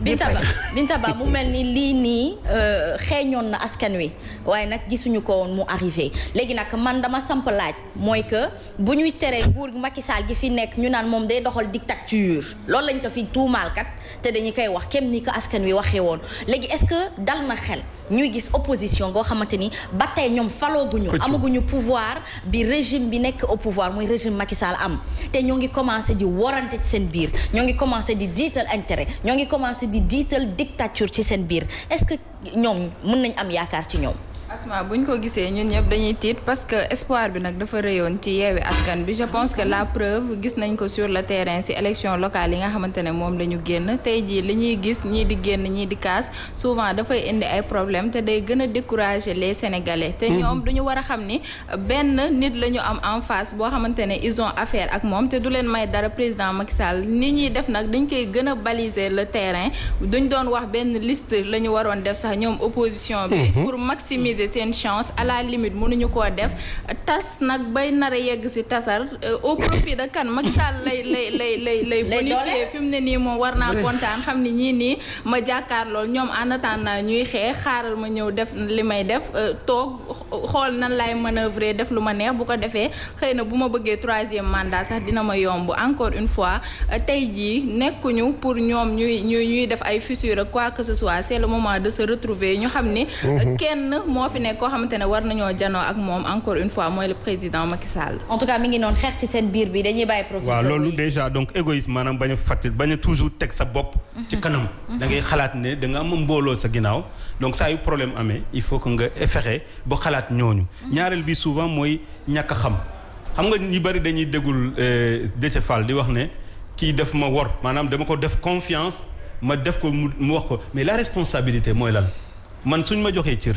Binta Ba Binta Ba mu mel ni lii nii euh, xeeñoon na askan wi waaye nag gisuñu ko woon mu arrivé léegi nag man dama samp laaj mooy que bu ñuy teree nguur Macky Sall gi fi nekk ñu naan moom day doxal dictature loolu lañ ko fi tuumaal kat te dañu koy wax kem ni ko askan wi waxee woon léegi est-ce que dal na xel ñuy gis opposition goo xamante ni ba tey ñoom falooguñu amaguñu pouvoir bi régime bi nekk au pouvoir muy régime Macky Sall am te ñoo ngi commencé di warante ci seen biir ñoo ngi commencé di diital intérêt ñoo ngi commencé di diital dictature ci seen biir est-ce que ñoom mën nañ am yaakaar ci ñoom asma bu ko gisee ñun ñëpp dañuy tiit parce que espoir bi nag dafa rëyoon ci yeewi askan bi je pense que la preuve gis nañ ko sur le terrain si élection locale yi nga xamante ne moom la ñu génn tey jii li ñuy gis ñii di génn ñii di kaas souvent dafay indi ay problème te day gën a décourager les sénégalais te hmm. ñoom duñu war a xam ni benn nit lañu am en face boo xamante ne ils ont affaire ak moom te du leen may dara président Macky Sall ni ñuy def nag dañ koy gën a baliser le terrain duñ doon wax benn liste lañu ñu waroon def sax ñoom opposition bi hmm. pour maximiser c'est une chance à la limite mënuñu ko def tas euh, au profit de kan Macky lay lay lay lay lay bonifié euh, encore une fois le de se moo fi nekk koo xamante ne war nañoo janoo ak moom encore une fois mooy le président Macky Sall. en tout cas mi ngi noonu xeex ci seen biir bi dañuy bàyyi professeur. waaw loolu déjà donc égoïsme maanaam bañ a fàttali bañ a toujours teg sa bopp. ci kanam. Mhm. da ngay xalaat ne da nga am mbooloo sa ginnaaw donc saa yu problème amee il faut que nga fexe ba xalaat ñooñu. Mhm. ñaareel bi souvent mooy ñàkk a xam xam nga ñu bari dañuy déggul euh, Déthié Fall di wax ne kii def ma wor maanaam dama ko def confiance ma def ko mu wax ko mais la responsabilité mooy lan man suñ ma joxee cër.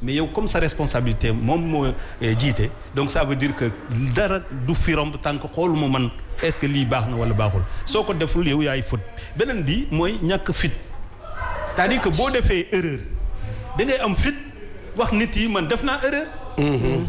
mais yow comme sa responsabilité moom moo eh, jiite donc ça veut dire que dara du fi romb tant xoolu ma man est-ce lii baax na wala baaxul soo ko deful yow yaay fut beneen bi mooy ñàkk fit cest boo defee erreur da ngay am fit wax nit yi man def naa erreur mm-hmm.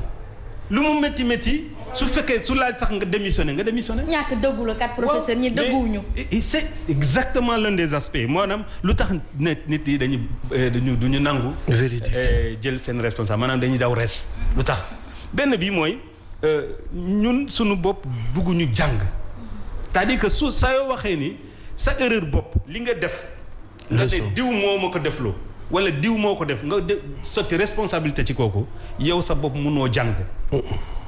lu mu métti métti su fekkee su laaj sax nga démissionné nga démissionné. ñàkk dëggu la kat professeur ñi dëgguwuñu. c' est exactement l' un des aspects maanaam lu tax ne nit yi dañu eh, dañu duñu nangu. Eh, jël seen responsable maanaam dañuy daw res. lu tax benn bi mooy eh, ñun suñu bopp bugguñu jàng cest à que su saa yoo waxee ni sa erreur bopp li nga def. nga ne diw moo ma ko defloo. wala diw moo ko def nga de sotti responsabilité ci kooku yow sa bopp mënoo jàng.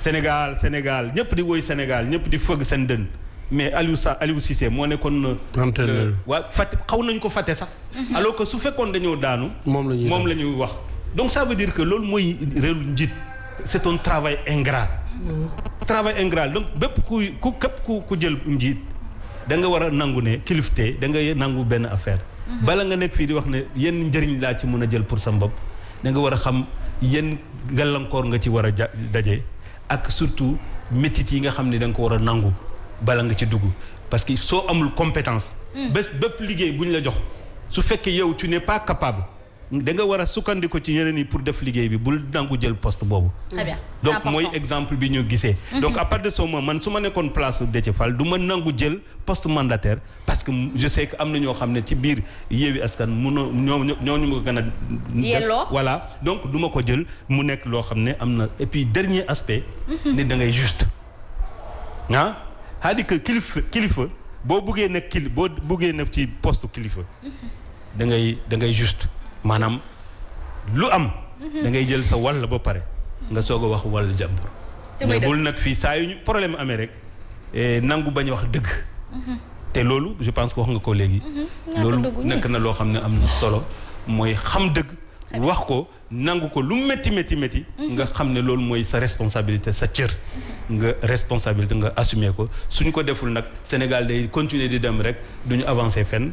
Sénégal Sénégal ñëpp di woy Sénégal ñëpp di fëgg seen dënn mais Aliou Sa Aliou Cissé moo nekkoon. Euh, entraîneur waaw fàtte xaw nañ ko fàtte sax. Mhm. alors que su fekkoon dañoo daanu. moom la moom la ñuy wax. donc ça veut dire que loolu mooy réeru njiit c'est un travail ingrat. Mhm. travail ingrat donc bépp ku ku képp ku ku jël njiit da nga war a nangu ne kilifte da nga nangu benn affaire. Mhm. bala nga nekk fii di wax ne yenn njëriñ laa ci mën a jël pour sa mbopp danga nga war a xam yenn gàllankoor nga ci war a ja daje. ak surtout métit yi nga xamni ne ko wara nangu bala nga ci dugg parce que so amul compétence hmm. bés bépp liggéey bu la jox su fekke yow tu n'es pas capable da nga war a sukkandiku ci ñeneeni pour def liggéey bi bul nangu jël poste bobu donc moy exemple bi ñu gissé mhm. donc à partir de ce moment man suma ma place de Déthié Fall duma ma nangu jël poste mandataire parce que je sais que amna ño xamné ci bir yewi Askan munoo ñoo ñu nga gëna voilà donc duma ko jël mu nekk lo xamné amna et puis dernier aspect. Mhm. ne da ngay juste ah hein? cest dire que kilifa kilifa bo buggee ne kil boo buggee nekk ci poste kilifa. Mhm. da ngay da ngay juste. maanaam lu am. Mhm. da ngay jël sa wàll ba pare nga soog a wax wàllu jàmbur. mais bul nag fii saa yu ñu problème amee rek eh, nangu bañ wax dëgg. Mhm. te loolu je pense que wax nga ko léegi. Mhm. loolu nekk na loo xam ne am na solo mooy xam dëgg. wax ko nangu ko lu métti métti métti. nga xam ne loolu mooy sa responsabilité sa cër. nga responsabilité nga assumer ko suñ ko deful nag Sénégal day continuer di dem rek du ñu avancé fenn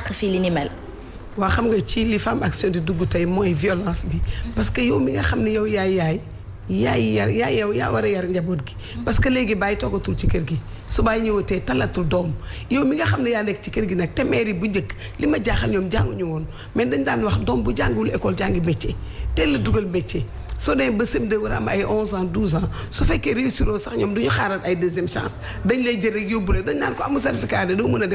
dàq fi li mel. waa xam nga ci li Femme Action di dugg tey mooy violence bi parce que yow mi nga xam ne yow yaay yaay yaay yar yaay yow yaa war a yar njaboot gi. parce que léegi bàyyi toogatul ci kër gi su bàyyi ñëwatee talatul doom yow mi nga xam ne yaa nekk ci kër gi nag te maire bu njëkk li ma jaaxal ñoom jànguñu woon mais dañ daan wax doom bu jàngul école jàngi métier teel la dugal métier. so demee ba sem war a am ay 11 ans 12 an su fekkee réussiroo sax ñoom du ñu xaaral ay deuxième chance dañ lay jël rek yóbbu la dañ naan ko amul certificat de doo mën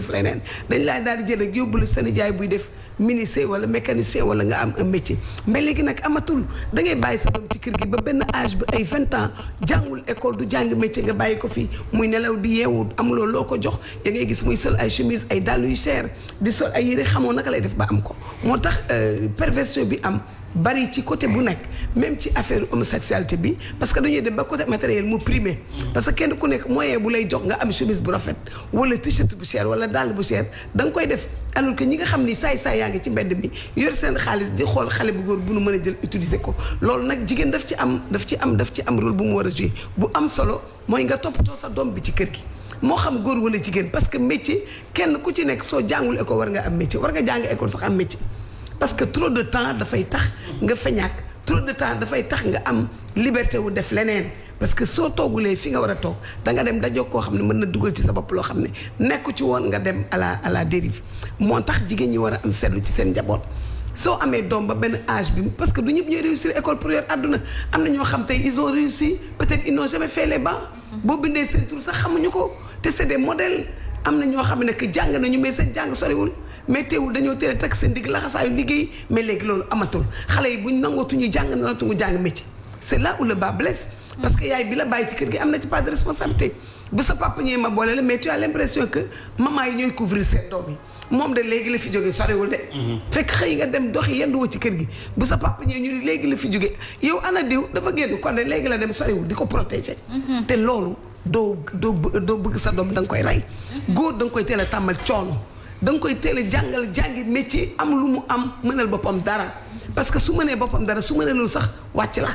dañ laay daal di jël rek yóbbu la sa def ministre wala mécanicien wala nga am un métier mais nag amatul da ngay bàyyi sa doom ci kër gi ba benn âge bi ay vingt ans jàngul école du jàng métier nga bàyyi ko fii muy nelaw di yeewu amuloo loo ko jox ya ngay gis muy sol ay chemise ay dàllu yu cher di sol ay yére xamoo naka lay def ba am ko moo tax euh, perversion bi am bari ci côté bu nekk même ci affaire homosexualité bi parce que dañuy dem ba côté matériel mu primé. parce que kenn ku nekk moyen bu lay jox nga am chemise bu rafet wala t-shirt bu cher wala dàll bu cher da koy def alors ñi nga xam ni saay-saay yaa ngi ci mbedd mi yor seen xaalis di xool xale bu góor bu mën a jël utiliser ko loolu nag jigéen daf ci am daf ci am daf ci am rôle bu mu war a jouer bu am solo mooy nga toppatoo sa doom bi ci kër gi. moo xam góor wala jigéen parce que métier kenn ku ci nekk soo jàngul école war nga am métier war nga jàng école sax am métier. parce que trop de temps da fay tax nga fa trop de temps da fay tax nga am liberté wu def leneen parce que so toogulee fi nga wara tok da nga dem dajok ko xam ne mën na dugal ci sa bop lo xam ne nekku ci won nga dem à la à la dérive moo tax jigéen ñi wara am seetlu ci sen jabot so amé dom ba ben âge bi parce que du ñëpp ñoy réussir école primaire aduna amna ño xam tay ils ont réussi peut-être ils n'ont jamais fait les bas boo bindee seen tur sax xamuñu ko té c'est des modèles amna ño xamné que jang nañu mais jang jàng soriwul mais teewul dañoo teel a takk seen digg laxasaayu liggéey mais léegi loolu amatul xale yi buñ nangootuñu jàng nangootuñu jàng métier c'est là où le bas blesse parce que yaay bi la bàyyi ci kër gi am na ci pas de responsabilité bu sa papa ñëwee ma boole la mais tu as l'impression que maman yi ñooy moom de léegi la fi jógee sorewul de. Mhm. fekk xëy nga dem doxi yenduwoo ci kër gi bu sa papa ñëwee ñu ni léegi la fi jógee yow ana diw dafa génn kon de léegi la dem sorewul di ko protéger. Mhm. te loolu doo doo doo bëgg sa doom da nga koy rey. Mhm. góor da nga koy teel a tàmmal coono. da koy teel a jàngal jàngit métier am lu mu am mënal boppam dara parce que su mënee boppam dara su mënalul sax wàcc la.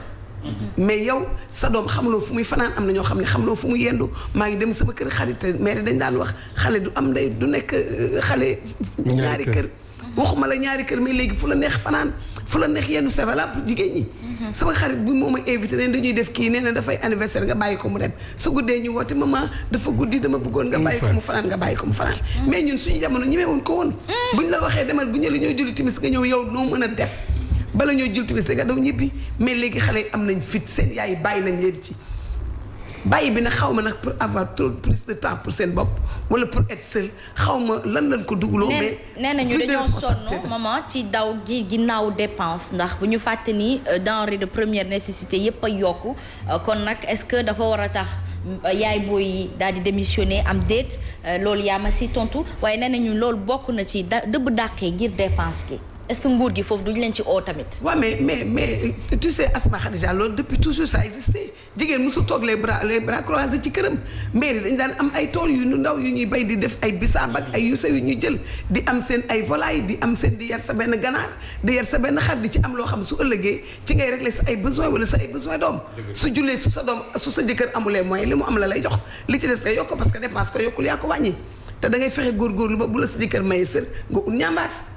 mais yow sa doom xamloo fu muy fanaan am na ñoo xam ne xam loo fu muy yendu maa ngi dem sama kër xarit mère dañ daan wax xale du am ndey du nekk euh, xale. ñaari kër waxuma la ñaari kër mais léegi fu la neex fanaan fu la neex yendu c'est valable pour jigéen ñi. Mhm. sama xarit bi moo ma invité ne dañuy def kii nee na dafay anniversaire nga bàyyi ko mu dem su guddee ñu woote maman dafa guddi dama bëggoon nga bàyyi ko mu fanaan nga bàyyi ko mu fanaan mhm. mais ñun suñu jamono ñi meewoon ko woon mhm. buñ la waxee demal bu ñu la ñoo julli timis nga ñëw yow noo mën a def bala ñoo julli timis nga daw ñibbi mais léegi xale yi am nañ fit seen yaay bàyyi nañ leen ci bàyyi bi nag xaw ma nag pour avoir trop plus de temps pour seen bopp wala pour être seul xaw ma lan lañ ko dugaloo. mais nee nañu dañoo sonn maman ci daw gi ginnaaw dépense ndax bu ñu fàtte ni euh, denrée de première nécessité yépp a yokku euh, kon nag est-ce que dafa war a tax. Euh, yaay booy yi daal di démissionné am déet loolu yaa ma si tontu waaye nee nañu loolu bokk na ci da dëbb dàqee ngir dépense gi. est-ce que nguur gi foofu duñ leen ci oo tamit. waaw mais mais mais tu sais Asma Khadija loolu depuis toujours ça existé jigéen mosu toog les bras les bras croisés ci këram mairie dañ daan am ay tool yu ñu ndaw yu ñuy bay di ay bisaab ak ay yusa yu ñuy jël di am seen ay volaille di am seen di yar sa benn ganaar di yar sa benn xar di ci am loo xam su ëllëgee ci ngay régler sa ay besoin wala sa ay besoin doom su jullee su sa doom su sa jëkkër amulee moyen li mu am la lay jox li ci des nga yokk parce que dépense ko yokkul yaa ko wàññi te da ngay fexe góorgóorlu ba bu la sa jëkkër mayee sër nga ut ñambaas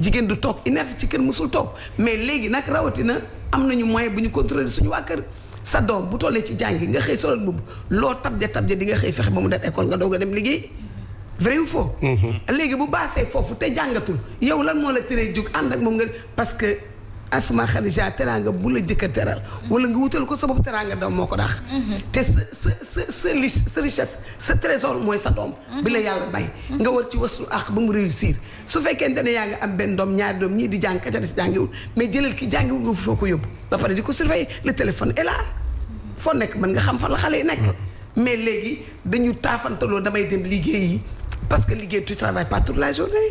jigéen du toog inerte ci kër mësul toog mais léegi nag rawatina am nañu moyen bu ñu contrôler suñu waa kër sa doom bu tollee ci jàngi nga xëy solal mbubb loo tabje tabje di xëy fexe ba mu def école nga doog a dem liggéey vrai ou faux mhm. léegi bu baasee foofu te jàngatul yow lan moo la tëree jóg ànd ak moom nga parce que asma xadija teraanga bu la jëkk a teral wala nga wutal ko sa bopp teraanga doom moo ko dax mhm. te sa sa sa sa sa richesse trésor mooy sa doom bi la yàlla bay mhm. nga war ci waslu ak ba mu réussir su fekkente ne yaa nga am benn doom ñaari doom ñii di jàng ka ca des jàngiwul mais jëlal ki jàngiwul nga foo ko yóbbu ba pare di ko surveiller le téléphone est foo nekk mën nga xam fa la xale yi nekk mais léegi dañu taafantaloo damay dem liggéey yi parce que liggéey tu travailles la journée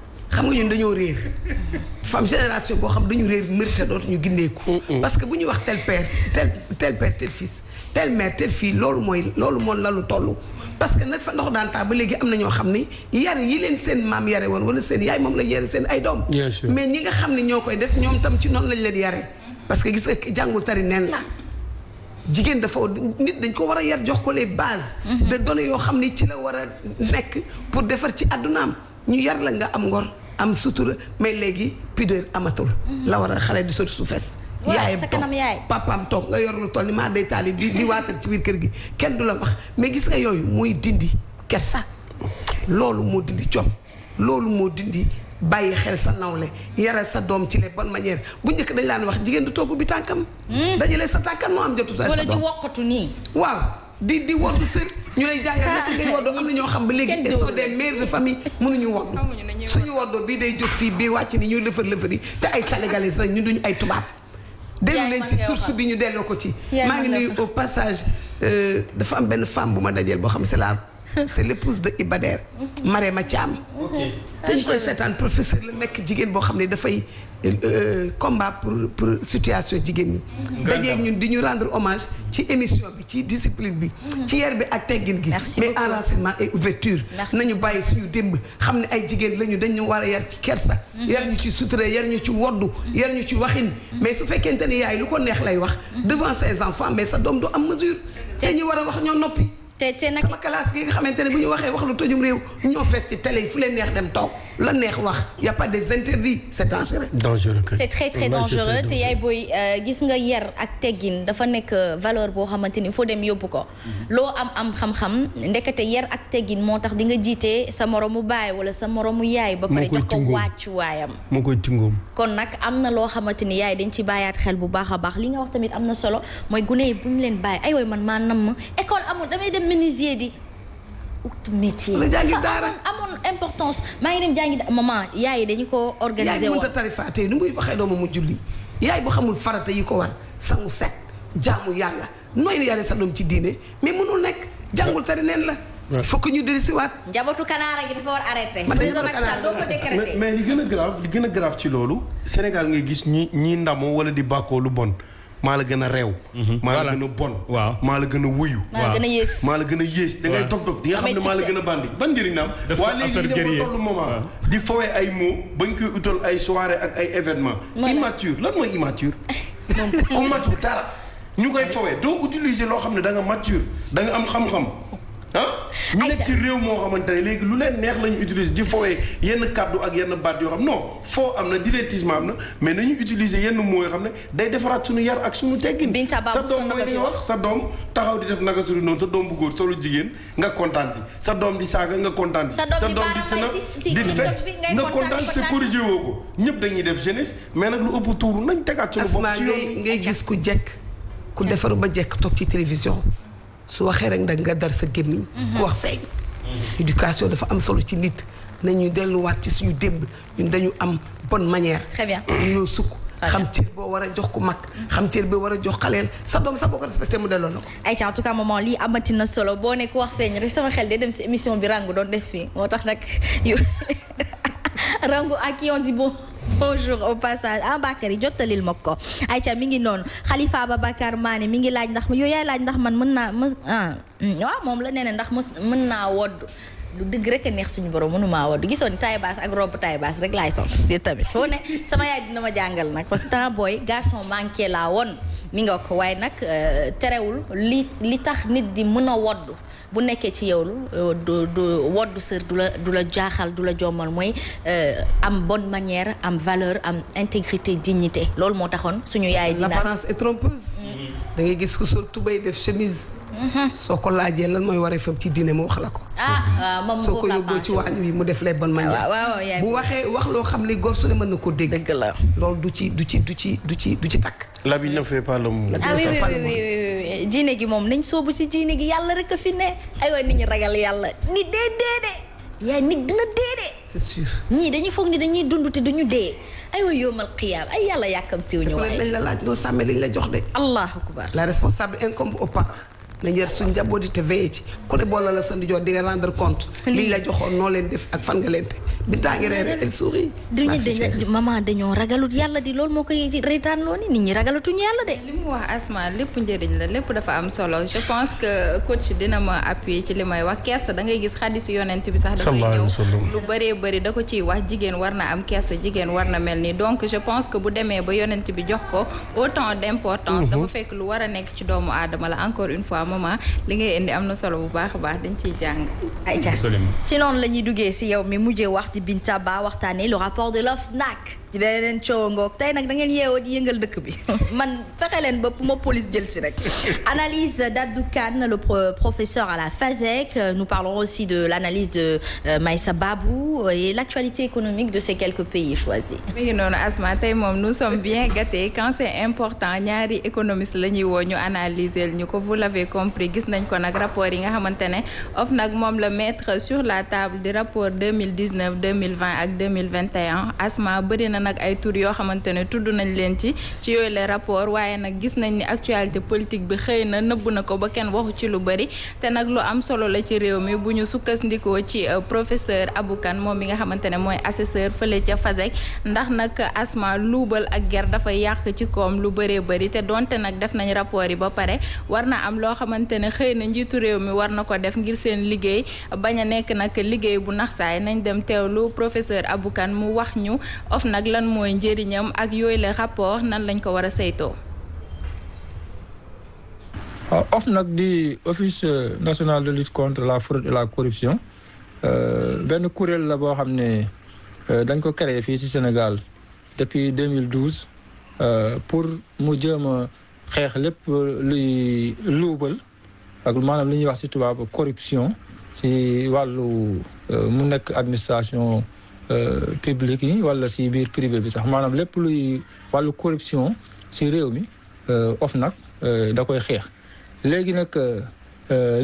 xam nga ñun dañoo réer dafa am génération boo xam dañu réer mérite dootuñu gindeeku. parce que bu ñuy wax tel père tel tel père tel fils tel mère tel loolu mooy loolu moo la lu toll. parce que nag fa ndox daan taa ba léegi am na ñoo xam ni yar yi leen seen maam yare woon wala seen yaay moom la yare seen ay doom. mais ñi nga xam ne ñoo koy def ñoom tam ci noonu lañ leen yare parce que gis nga jàngul tari neen la. jigéen dafa nit dañ ko war a yar jox ko les bases. Mm-hmm. de yoo xam ne ci la war a nekk pour defar ci àddunaam ñu yar la nga am ngor. am sutura mais léegi pudeur amatul. Mhm. la war a xale di sotti su fees. yaayam toog papaam toog nga yor lu toll ni maa day taali di di waatal ci biir kër gi kenn du la wax mais gis nga yooyu mooy dindi kersa. loolu moo dindi jom loolu moo dindi bàyyi xel sa nawle yara sa doom ci les bonnes manières bu njëkk dañ laan wax jigéen du togg bi tànkam. Hmm. dajale sa tànkam moo am jotu sa doom waaw. di di woddu sër ñu lay jàngal naka ngay woddu am na ñoo xam ba léegi et sont des mères de famille mënuñu woddu suñu woddoo bii day jóg fii bii wàcc ni ñuy lëfër lëfër yi te ay sénégalais sax ñu duñu ay tubaab dellu leen ci source bi ñu delloo ko ci maa ngi nuyu au passage euh, dafa am benn femme bu ma dajeel boo xam c'est la c'est l'épouse de Ibader Marema Thiam dañ koy seetaan professeur la nekk jigéen boo xam ne dafay euh, combat pour pour situation jigéen ni. dajeeg ñun di ñu rendre hommage ci émission bi ci discipline bi mm. ci yar bi ak teggin gi mais enracinement et ouverture nañu bàyyi suñu démb xam ne ay jigéen la ñu dañu war yar ci kersa mm-hmm. yar ñu ci sutura yar ñu ci woddu mm-hmm. yar ñu ci waxin mm-hmm. mais su fekkente ni yaay lu ko neex lay wax devant ses enfants mais ça doom du am mesure te ñu war wax ñoo noppi te te nag sama classe gi nga xamante ne bu ñu waxee wax lu tojum réew ñoo fees ci télé yi fu leen neex dem toog. la neex wax y' a pas des interdits c'est dangereux. dangereux très très dangereux te yaay booy euh, gis nga yer ak teggin dafa nek euh, valeur bo xamanteni ni foo dem yóbbu ko. Mm-hmm. lo am am xam-xam ndekete yer ak teggin motax di nga jité sa moromu baye wala sa moromu yay ba pare jox ko wàccuwaayam moo koy tingoom kon nak amna lo xamanteni yay dañ ci bayat xel bu baax bax li nga wax tamit amna solo moy gune buñ len baye ay way man maa école amul damay dem menuisier di. ut métier. la jàngi ah, daara ah, amoon importance maa ngi dem jàngi maman yaay dañu ko organiser woon yaay mënta tarifaatee ni muy waxee doomam mu julli yaay bu xamul farata yi ko war sangu set jaamu yàlla nooy la yàlla sa doom ci diine mais mënul nekk jàngul tari nen la. fokk ñu siwaat njabootu kanaara gi dafa war arrêté. man président Macky Sall doo mais li gën a grave li gën a grave ci loolu. Sénégal ngay gis ñi ñi ndamo wala di bàkkoo lu bon. maa la gën a réew. Mhm. maa la gën a bon. waaw maa la gën a wuyu. maa la gën a yées maa la gën a yées. da ngay dog di nga xam ne maa la gën a bandi. ban njëriñ naam waa léegi dafa toll moment di fawee ay mots bañ koy utal ay soirée ak ay événement immature lan mooy immature. ku mature dara ñu koy fawee doo utiliser loo xam ne da nga mature danga am xam-xam. ah ñu nekk ci réew moo xamante ne léegi lu leen neex la ñu utiliser di fowee yenn kàddu ak yenn baat yoo xam non foo am na divertissement am na mais nañu utiliser yenn mots yoo xam ne day defaraat suñu yar ak suñu teggin sa doom mooy li nga wax sa doom taxaw di def naka suñu noonu sa doom bu góor solu jigéen nga kontaan si sa doom di saaga nga kontaan si sa doom di sina di fecc nga kontaan si te corrigé woo ko ñëpp dañuy def jeunesse mais nag lu ëpp tuuru nañ tegaat suñu bopp ngay gis ku jekk ku defaru ba jekk toog ci télévision su waxee rek nag nga dar sa gémmiñ ku mhm. wax feeñ éducation dafa am solo ci nit nañu delluwaat ci suñu démb ñun dañu am bonne manière très bien ñoo sukk xam cër boo war a jox ku mag xam cër boo war a jox xaleel sa doom sa boo ko respecté mu delloo na ko ayca en tout cas maman na solo boo ne ku wax feeñ rek sama xel de dem si émission bi rangu doon def fii moo tax nag rangu ak yoon di bon bonjour au passage ah yi jottalil ma ko ayca mi ngi noonu Khalifa Ababacar maani mi ngi laaj ndax yow yaay laaj ndax man mën naa mën ah mm, moom la nee na ndax mën naa wodd lu dëgg rek a neex suñu borom mënu maa wodd gisoon taay baas ak robe taay baas rek laay sol si tamit foo ne sama yaay dina ma jàngal nag parce temps booy garçon manqué laa woon mi nga ko waaye nag euh, terewul li li tax nit di mën a wodd bu nekkee ci yow euh, du du woddu sër du la du la jaaxal du la jommal mooy euh, am bonne manière am valeur am intégrité dignité loolu moo taxoon suñu yaay dina l'apparence est trompeuse mm-hmm. da ngay gis ko sol tubéy def chemise mm-hmm. soo ko laajee lan mooy waree fam ci dine mu wax la ko ah moom soo ko yóbboo ci waañ wi mu def les bonnes manières bu waxee wax loo xam ni góor su ne mën na koo dégg dëgg loolu du ci du ci du ci du ci du ci takk L'habit ne fait pas l'homme. ah oui oui oui oui gi moom nañ soobu si diine gi yàlla rek a fi ne aywa nit ñi ragal yàlla. nit dee dee de yaa nit dina dee de. ñii dañuy foog ni dañuy dund te duñu dee aywa yoomal xiyaam ay yàlla yàkkamtiw ñu waaye. dañ la laaj doo sàmmee dañ la jox de. allahu akbar. la responsable incombe aux nañ yar suñ njaboot yi te veillé ci di nga rendre compte. liñ la joxoon leen def ak fan nga leen teg Binta ngi reere elle sourit. duñu dañu di loolu moo koy loo nit ñi ragalatuñu yàlla de. li mu wax Asma lépp njëriñ la lépp dafa am solo je pense que coach dina ma appuye ci li may wax kersa da ngay gis xadisu yonent bi sax. dafay ñëw lu bëree bëri da ko ci wax jigéen war na am kersa jigéen war na mel nii donc je pense que bu demee ba yonent bi jox ko autant d'importance mhm. dafa fekk lu war a nekk ci doomu aadama la encore une fois maman li ngay indi am na solo bu baax a baax dañ ciy jàng. ayca ci noonu la ñuy duggee si yow mi mujjee waxti Binta Ba waxtaanee le rapport de l'OFNAC dina leen coow tey nag da ngeen yeewoo di yëngal dëkk bi man fexe leen ba police jël si rek. analyse d'Abdou Kane le professeur à la FASEC nous parlerons aussi de l'analyse de euh, Maïssa Babou et l'actualité économique de ces quelques pays choisis. mi non, noonu Asma tey moom nous sommes bien gâtés quand c'est important ñaari économistes la ñuy ñu analyser ñu vous l'avez compris gis nañ ko nag rapport yi nga xamante ne OFNAC moom la mettre sur la table du rapport 2019 2020 ak 2021 Asma bëri na nag ay tur yoo xamante ne tudd nañ leen ci ci yooyu le rapport waaye nag gis nañ ni actualité politique bi xëy na nëbb na ko ba kenn waxu ci lu bëri te nag lu am solo la ci réew mi bu ñu sukkandikoo ci euh, professeur Abou Kane moom mi nga xamante ne mooy assesseur fële ca FASEG ndax nag asma luubal ak ger dafa yàq ci koom lu bëree bëri te donte nag def nañ rapport yi ba pare war na am loo xamante ne xëy na njiitu réew mi war na ko def ngir seen liggéey bañ a nekk nag liggéey bu naxsaay nañ dem teewlu professeur Abou Kane mu wax ñu lan mooy njëriñam ak a ah, office national de lutte contre la fraude et la corruption euh, benn la euh, Sénégal depuis 2012 euh, pour mu a xeex luy ak corruption ci wàllu mu administration. Euh, public yi wala si biir privé bi sax maanaam lépp luy wàllu corruption si réew mi euh, OFNAC euh, da koy xeex. léegi nag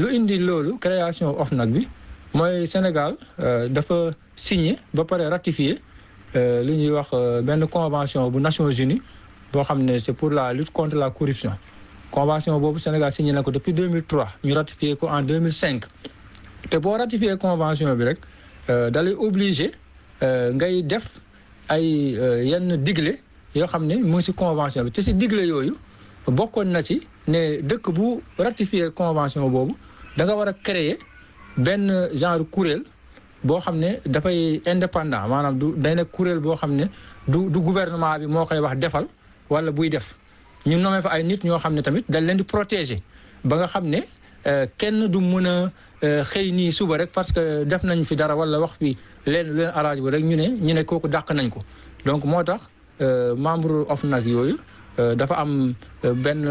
lu indi loolu création OFNAC bi mooy Sénégal dafa signé ba pare ratifié li ñuy wax benn convention bu Nations Unies boo pour la lutte contre la corruption. convention boobu Sénégal signé na ko depuis 2003 ñu ratifié ko en 2005 te ratifier la convention bi rek dalay obligé. Euh, ngay def ay euh, yenn digle yoo xam ne mu ngi si convention bi te si digle yooyu bokkoon na ci ne dëkk bu ratifié convention boobu da nga war a créer benn genre kuréel boo xam ne dafay indépendant maanaam du day kuréel boo xam ne du du gouvernement bi moo koy wax defal wala buy def ñu nommé fa ay nit ñoo xam ne tamit dañ leen di protéger ba nga xam ne euh, kenn du mën a xëy nii suba rek parce que def nañu fi dara wala wax fi leen leen arrangé wu rek ñu ne ñu ne kooku dàq nañ ko donc moo tax euh, membre OFNAC yooyu euh, dafa am euh, benn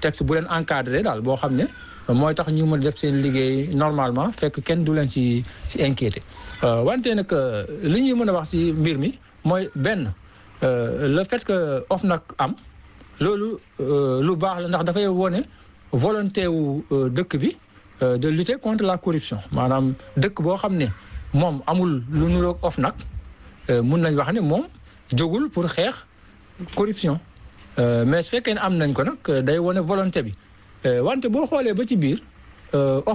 texte bu leen encadré daal boo xam ne mooy tax ñu mën def seen liggéey normalement fekk kenn du leen ci ci inquiété wante nag li ñuy mën a wax ci mbir mi mooy benn le fait que OFNAC am loolu lu baax la ndax dafay wone volonté wu dëkk bi de lutter contre la corruption maanaam dëkk boo xam ne moom amul lu nuroog nag euh, mun nañ wax ne moom jógul pour xeex corruption euh, mais su fekkee ne am nañ ko nag euh, day wane volonté bi wante boo xoolee ba ci biir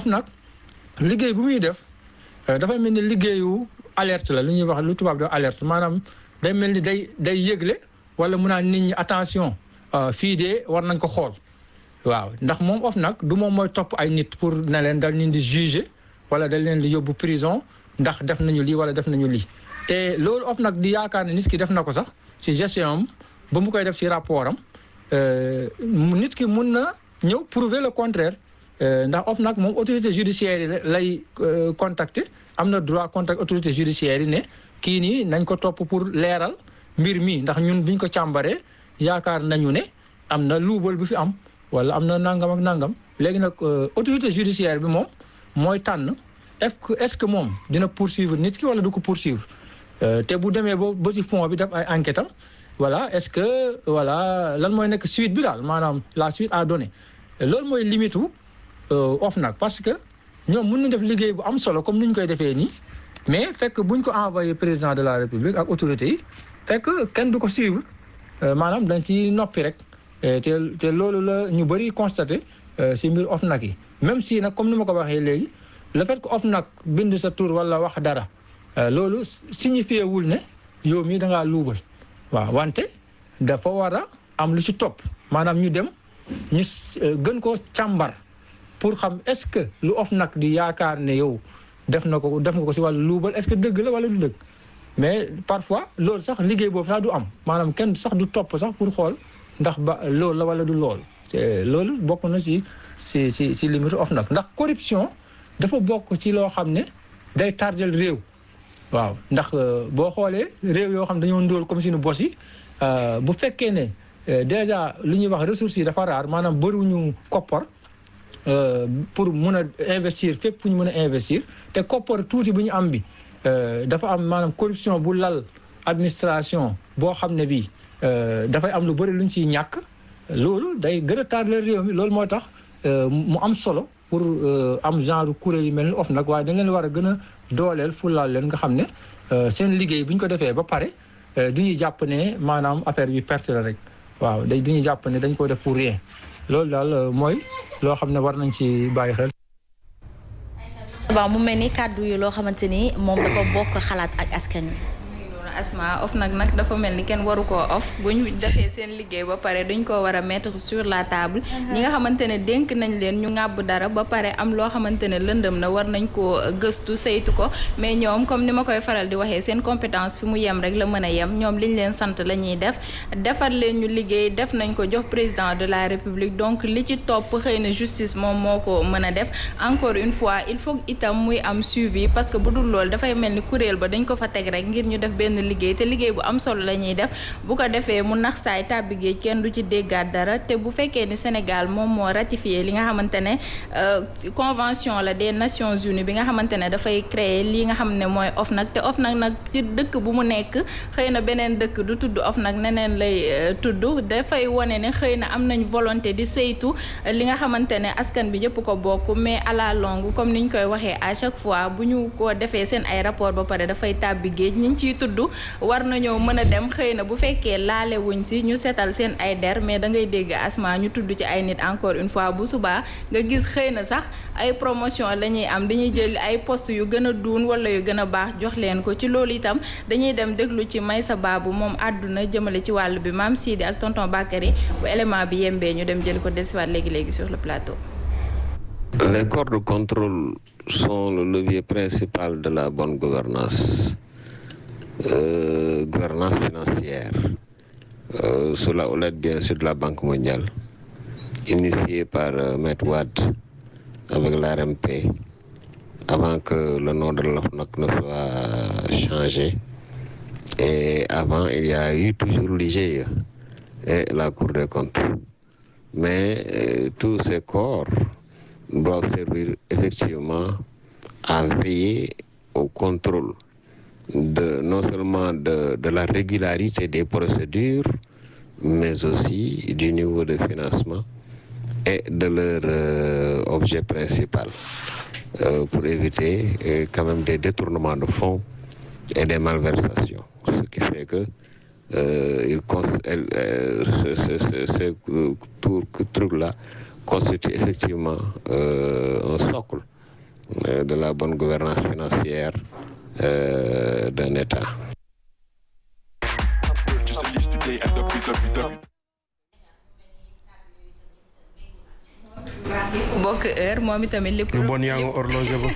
nag liggéey bu muy def dafay mel ni liggéeyu alerte la lu ñuy wax lu tubaab di alerte maanaam day mel ni day day yëgle wala mu naan nit ñi attention fii de war nañ ko xool waaw ndax moom nag du moom mooy topp ay nit pour na leen dal leen di juger wala dal leen di yóbbu prison ndax def nañu lii wala def nañu lii te loolu of nag di yaakaar ne nit ki def na ko sax si gestion am ba mu koy def si rapport am euh, nit ki mun na ñëw prouver le contraire euh, ndax of nag moom autorité judiciaire yi lay euh, contacter am na droit contact autorité judiciaire yi ne kii nii nañ ko topp pour leeral mbir mi ndax ñun biñ ko càmbaree yaakaar nañu ne am na luubal bu fi am wala am na nangam ak nangam léegi nag autorité judiciaire bi moom mooy tànn. est-ce que moom dina poursuivre nit ki wala du ko poursuivre euh, te bu demee ba ba si fond bi def ay enquête am voilà est-ce que voilà lan mooy nekk suite bi daal maanaam la suite à donner loolu mooy limite wu euh, OFNAC parce que ñoom mën na def liggéey bu am solo comme ni koy defee nii mais fekk buñ ko envoyé président de la république ak autorité yi fekk kenn du ko suivre euh, maanaam dañ ci noppi rek te te loolu la ñu bëri constaté si mbir OFNAC yi même si nag comme ni ma ko waxee léegi. le fait que nag bind sa tur wala wax dara euh, loolu signifié wul ne yow mii da ngaa luubal waaw wante dafa war a am lu ci topp maanaam ñu dem ñu euh, gën koo càmbar pour xam est-ce que lu nag di yaakaar ne yow def na ko def nga ko si wàllu luubal est-ce que dëgg la wala du dëgg mais parfois loolu sax liggéey boobu sax du am maanaam kenn sax du topp sax pour xool ndax ba loolu la wala du lool loolu bokk na si si si si limite nag ndax corruption dafa bokk ci loo xam ne day tardel réew waaw ndax euh, boo xoolee réew yoo xam ne dañoo ndóol comme suñu bos yi euh, bu fekkee ne euh, déjà lu ñuy wax ressources yi dafa raar maanaam bëriwuñu koppar pour mun a investir fépp fu ñu mën a investir te koppar tuuti bu ñu am bi dafa am maanaam corruption bu lal administration boo xam ne bi dafay am lu bëri lu ñu ciy ñàkk loolu day gën a tardel réew mi loolu moo tax mu am solo pour euh, am genre kuréel yu mel ni of nag waaye dañ leen war a gën a dooleel fulaal leen nga xam ne euh, seen liggéey bu ñu ko defee ba pare euh, du ñuy jàpp ne maanaam affaire yu perte rek waaw day du ñuy jàpp ne dañ ko def pour rien loolu daal mooy loo xam ne war nañ ci bàyyi xel. waaw mu mel ni kàddu yi loo xamante ni moom dafa bokk xalaat ak askan wi. Asma OFNAC nag dafa mel ni kenn waru koo off bu ñu defee seen liggéey ba pare dañ koo war a mettre sur la table. Uh-huh. ñi nga xamante ne dénk nañ leen ñu ŋàbb dara ba pare am loo xamante ne lëndëm na war nañ koo gëstu saytu ko mais ñoom comme ni ma koy faral di waxee seen compétence fi mu yem rek la mën a yem ñoom liñ leen sant la ñuy def defar leen ñu liggéey def nañ ko jox président de la république donc li ci topp xëy na justice moom moo ko mën a def encore une fois il faut itam muy am suivi parce que bu dul loolu dafay mel ni kuréel ba dañ ko fa teg rek ngir ñu def benn liggéey te liggéey bu am solo la ñuy def bu ko defee mu nax saay tàbbi géej kenn du ci déggaat dara te bu fekkee ni Sénégal moom moo ratifié li nga xamante ne euh, convention la des Nations Unies bi nga xamante ne dafay créer li nga xam ne mooy OFNAC te of nag nag dëkk bu mu nekk xëy na beneen dëkk du tudd of OFNAC neneen lay euh, tudd dafay wane ne xëy na am nañ volonté di saytu euh, li nga xamante ne askan bi yëpp ko bokk mais à la longue comme niñ koy waxee à chaque fois bu ñu ko defee seen ay rapport ba pare dafay tàbbi géej ñi ciy tudd war nañoo mën a dem xëy na bu fekkee laale wuñ si ñu seetal seen ay der mais da ngay dégg asma ñu tudd ci ay nit encore une fois bu subaa nga gis xëy na sax ay promotion la ñuy am dañuy jël ay poste yu gën a duun wala yu gën a baax jox leen ko ci loolu itam dañuy dem déglu ci may sa baabu moom àdduna jëmale ci wàll bi maam Sidi ak tonton Bakary bu élément bi yembee ñu dem jël ko dellusiwaat léegi-léegi sur le plateau. Les corps de contrôle sont levier principal Euh, gouvernance financière, euh, sous la houlette bien sûr de la Banque mondiale, initiée par euh, Matt avec l'RMP, avant que le nom de FNAC ne soit euh, changé. Et avant, il y a eu toujours l'IG et la Cour des comptes. Mais tous ces corps doivent servir effectivement à veiller au contrôle de, non seulement de, la régularité des procédures, mais aussi du niveau de financement et de leur euh, objet principal euh, pour éviter euh, quand même des détournements de fonds et des malversations. Ce qui fait que ce truc-là constitue effectivement un socle de la bonne gouvernance financière Euh, d'un État. bokk heure moom itamit lépp lu bon yaa ngi horloger ba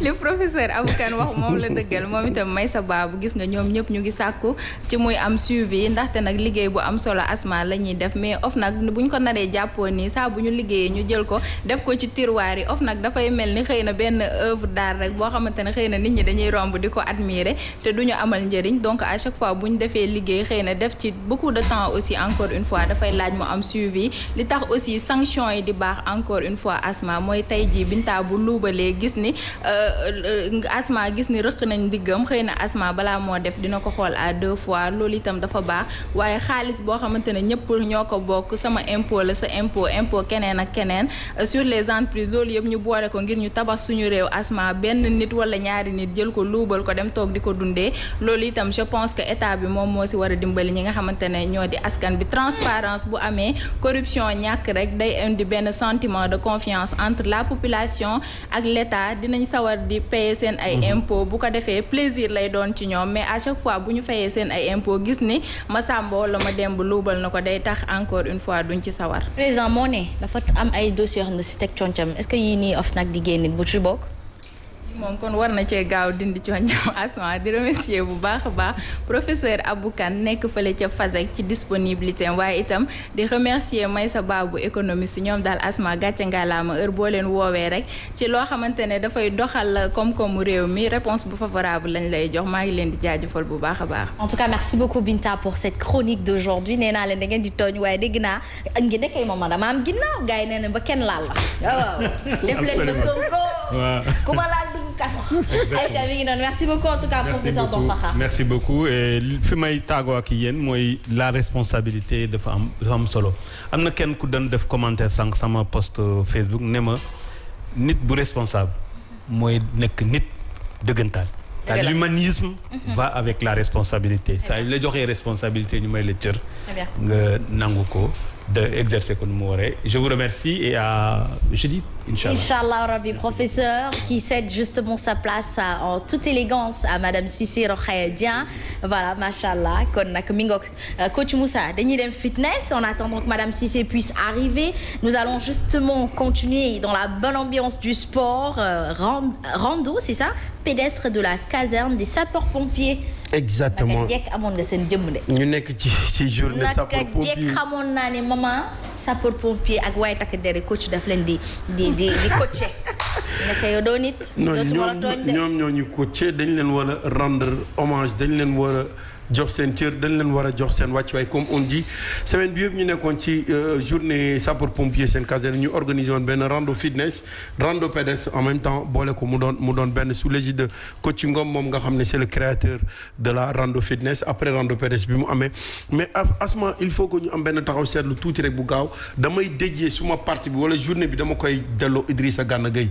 li professeur Aboukane wax moom la dëggal moom itam may sa baabu gis nga ñoom ñëpp ñu ngi sàkku ci muy am suivi ndaxte nag liggéey bu am solo asma la ñuy def mais of nag bu ñu ko naree jàppoon nii saa bu ñu liggéeyee ñu jël ko def ko ci tiroir yi of nag dafay mel ni xëy na benn œuvre d'art rek boo xamante ne xëy na nit ñi dañuy romb di ko admirer te du ñu amal njëriñ donc à chaque fois bu ñu defee liggéey xëy na def ci beaucoup de temps aussi encor une fois dafay laaj mu am suivi li tax aussi sanction yi di baax encore une fois asma mooy tey jii bintaa bu luubalee gis ni euh, asma gis ni rëq nañ ndiggam xëy na asma balaa moo def dina ko xool à deux fois loolu itam dafa baax waaye xaalis boo xamante ne ñëpp ñoo ko bokk sama impôt la sa impôt impôt keneen ak keneen sur les entreprises loolu yëpp ñu boole ko ngir ñu tabax suñu réew asma benn nit wala ñaari nit jël ko luubal ko dem toog di ko dundee loolu itam je pense que état bi moom moo si war a dimbali ñi nga xamante ne ñoo di askan bi transparence bu amee corruption ñàkk rek day indi benn sentiment de confiance entre la population di payer seen ay mhm. impôt bu ko defee plaisir lay doon ci ñoom mais à chaque fois bu ñu fayee seen ay impôt gis ni ma sàmba wala ma demb luubal na ko day tax encore une fois duñ ci sawar président moo ne dafa am ay dossier yoo xam ne si teg concam est-ce que yii nii OFNAC di génn bu ci bokk moom kon war na cee gaaw dindi coñam asma di remercier bu baax a baax professeur aboukan Kane nekk fële ca FASEG ci disponibilité waaye itam di remercier Maysa Babou économiste ñoom daal asma gàcce ngalaama heure boo leen woowee rek ci loo xamante ne dafay doxal comme comme réew mi réponse bu favorable lañ lay jox maa ngi leen di jaajëfal bu baax a baax. en tout cas merci beaucoup Binta pour cette chronique d'aujourd'hui nee naa leen da ngeen di tooñ waaye dégg naa ngi nekkee moom dama am ginnaaw gars yi nee na ba kenn laal la waaw def leen ba Sonko. waaw ku ma laal kaso Aïcha non merci beaucoup en tout cas professeur Don Fakha merci beaucoup fi may tàggoo la responsabilité de am solo am ken ku doon def commentaire sank sama post Facebook nema nit bu responsable moy nek nit dëggantaan l'humanisme mhm. va avec la responsabilité ça yu la responsabilité ñu may Très bien. nga nangou ko d'exercer comme moi. Je vous remercie et à dis Inch'Allah. Inch'Allah, Rabbi, professeur, qui cède justement sa place en toute élégance à Madame Sissi Rokhaya Voilà, Machallah. Euh, coach Moussa, Fitness, en attendant que Madame Sissé puisse arriver, nous allons justement continuer dans la bonne ambiance du sport. Euh, rando, c'est ça Pédestre de la caserne des sapeurs-pompiers. exactement naka jekk amoon nga seen jëmm de. ñu nekk ci ci journée. sapeur pompier naka jekk xamoon naa ne maman sapeur pompier ak waaye takk deri coach daf leen di di di di coaché. naka yow doo nit. dootu war ñoom ñoo ñu coaché dañ leen war a rendre hommage dañ leen war jox sen tier dañ leen wara a sen wacc way comme on dit semaine bi yeb ñu nekkon ci euh, journée sapeur pompier sen caserne ñu organisé woon benn rando fitness rando pédestre en même temps bolé ko mu doon mu doon ben sous l'égide de coach Ngom moom nga xamné c'est le créateur de la rando fitness après rando pédestre bi mu amé mais asma il faut que ñu am ben taxaw sétlu touti rek bu gaaw damay déjee suma partie bi wala journée bi dama koy dello Idrissa Gana Gueye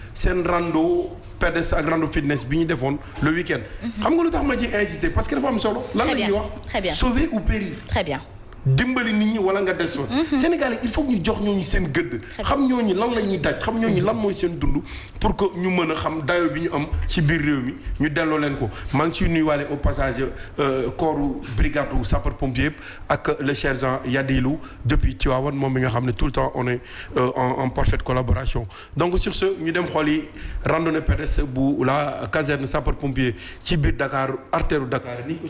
seen rando PDS ak rando fitness bi ñu defoon le week-end mhm. xam nga lu tax ma ci insister parce que dafa am solo. lan la ñuy wax sauver ou périr. très bien dimbali nit ñi wala nga des fa. Mhm. Sénégalais il faut que ñu jox ñu seen gëdd. xam ñooñu lan la daj xam ñooñu lan mooy seen dund. pour que ñu mën a xam dayo bi ñu am ci biir réew mi ñu delloo leen ko maa ngi ciy nuyuwaale au passage euh, corps brigade sapeur pompier yëpp ak le sergent Yadilou depuis Tivaouane moom mi nga xam ne tout le temps on est euh, en en parfaite collaboration. donc sur ce ñu dem xool yi randonnée pédestre bu la caserne sapeur pompier ci biir Dakar artère Dakar ni ñu ko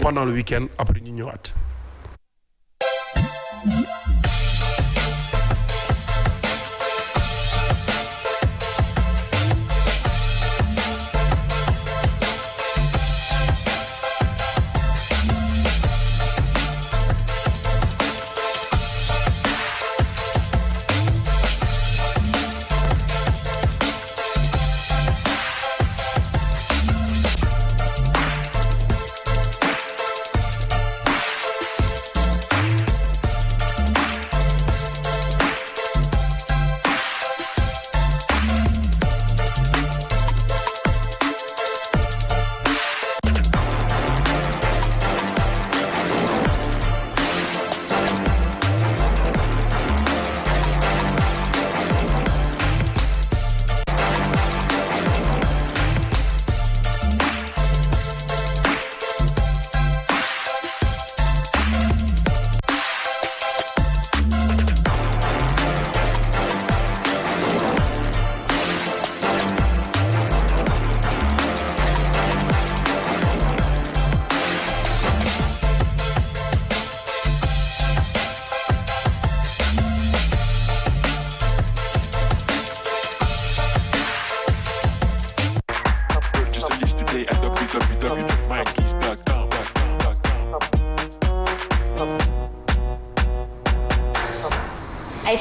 pendant le week-end après ñu ñëwaat. Mm-hmm.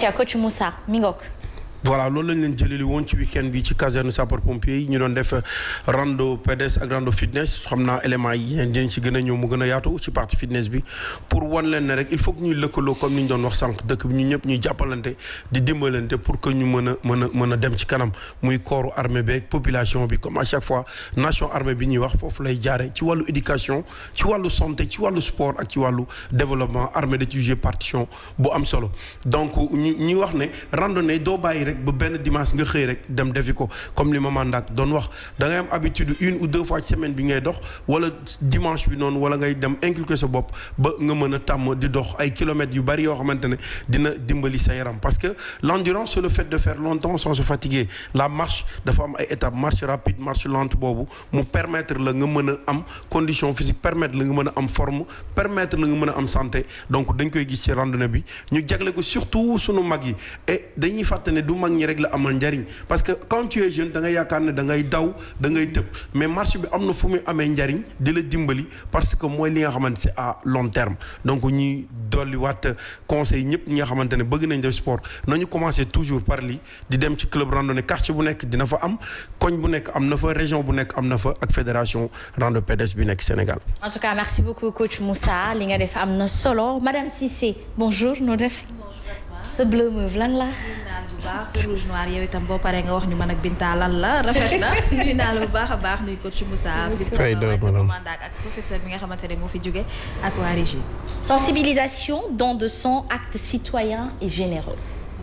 ayca coach Moussa mi ngook voilà loolu lañ leen jëleli woon ci week-end bi ci caserne sapeur pompier yi ñu doon def euh, rando PDS ak rando fitness xam naa élément yi dinañ ci gën a ñëw mu gën a yaatu ci partie fitness bi won len rek il faut que ñuy lëkkaloo comme ni ñu doon wax sank dëkk bi ñun ñep ñuy jappalante di dimbalante pour que ñu mën a mën dem ci kanam muy kooru armée bi ak population bi comme à chaque fois nation armée bi ñuy wax fofu lay jaare ci walu éducation ci walu santé ci walu sport ak ci walu développement armée de ci partition bu am solo donc ñi wax ne randonnée do bàyyi rek bu ben dimanche nga xey rek dem defi ko comme li maman Ndak doon wax da ngay am habitude une ou deux fois ci semaine bi ngay dox wala dimanche bi non wala ngay dem inculquer sa bop ba nga mën tam di dox ay kilomètres yu bari yoo xamante ne dina dimbali sa yaram parce que l'endurance c'est le fait de faire longtemps sans se fatiguer la marche dafa am ay étapes marche rapide marche lente boobu mu permettre la nga mën a am condition physique permettre la nga mën am forme permettre la nga mën am santé donc dañ koy gis ci randonnée bi ñu jagle ko surtout sunu mag yi et dañuy fàtte ne du mag ñi rek la amal parce que quand tu es jeune da ngay yaakaar ne da ngay daw da ngay tëb mais marche bi am na fu muy amee njariñ di la dimbali parce que mooy li nga xamante c'est à long terme donc you wat conseil ñi nga bëgg nañ def sport toujours par li club randonnée quartier bu nek dina fa am région bu nek fédération rando Sénégal. en tout cas merci beaucoup coach Moussa li am solo madame Cissé bonjour nos def sa bleu mauve lan la. bu baax sa rouge noir yow itam bo pare nga wax ñu man ak Binta lan la rafet na ñuy naa bu baaxa baax nuyu ko ci Moussa. fay doon commandant ak professeur bi nga xamantene mo fi jóge ak waa Régie. sensibilisation don de sang acte citoyen et généreux.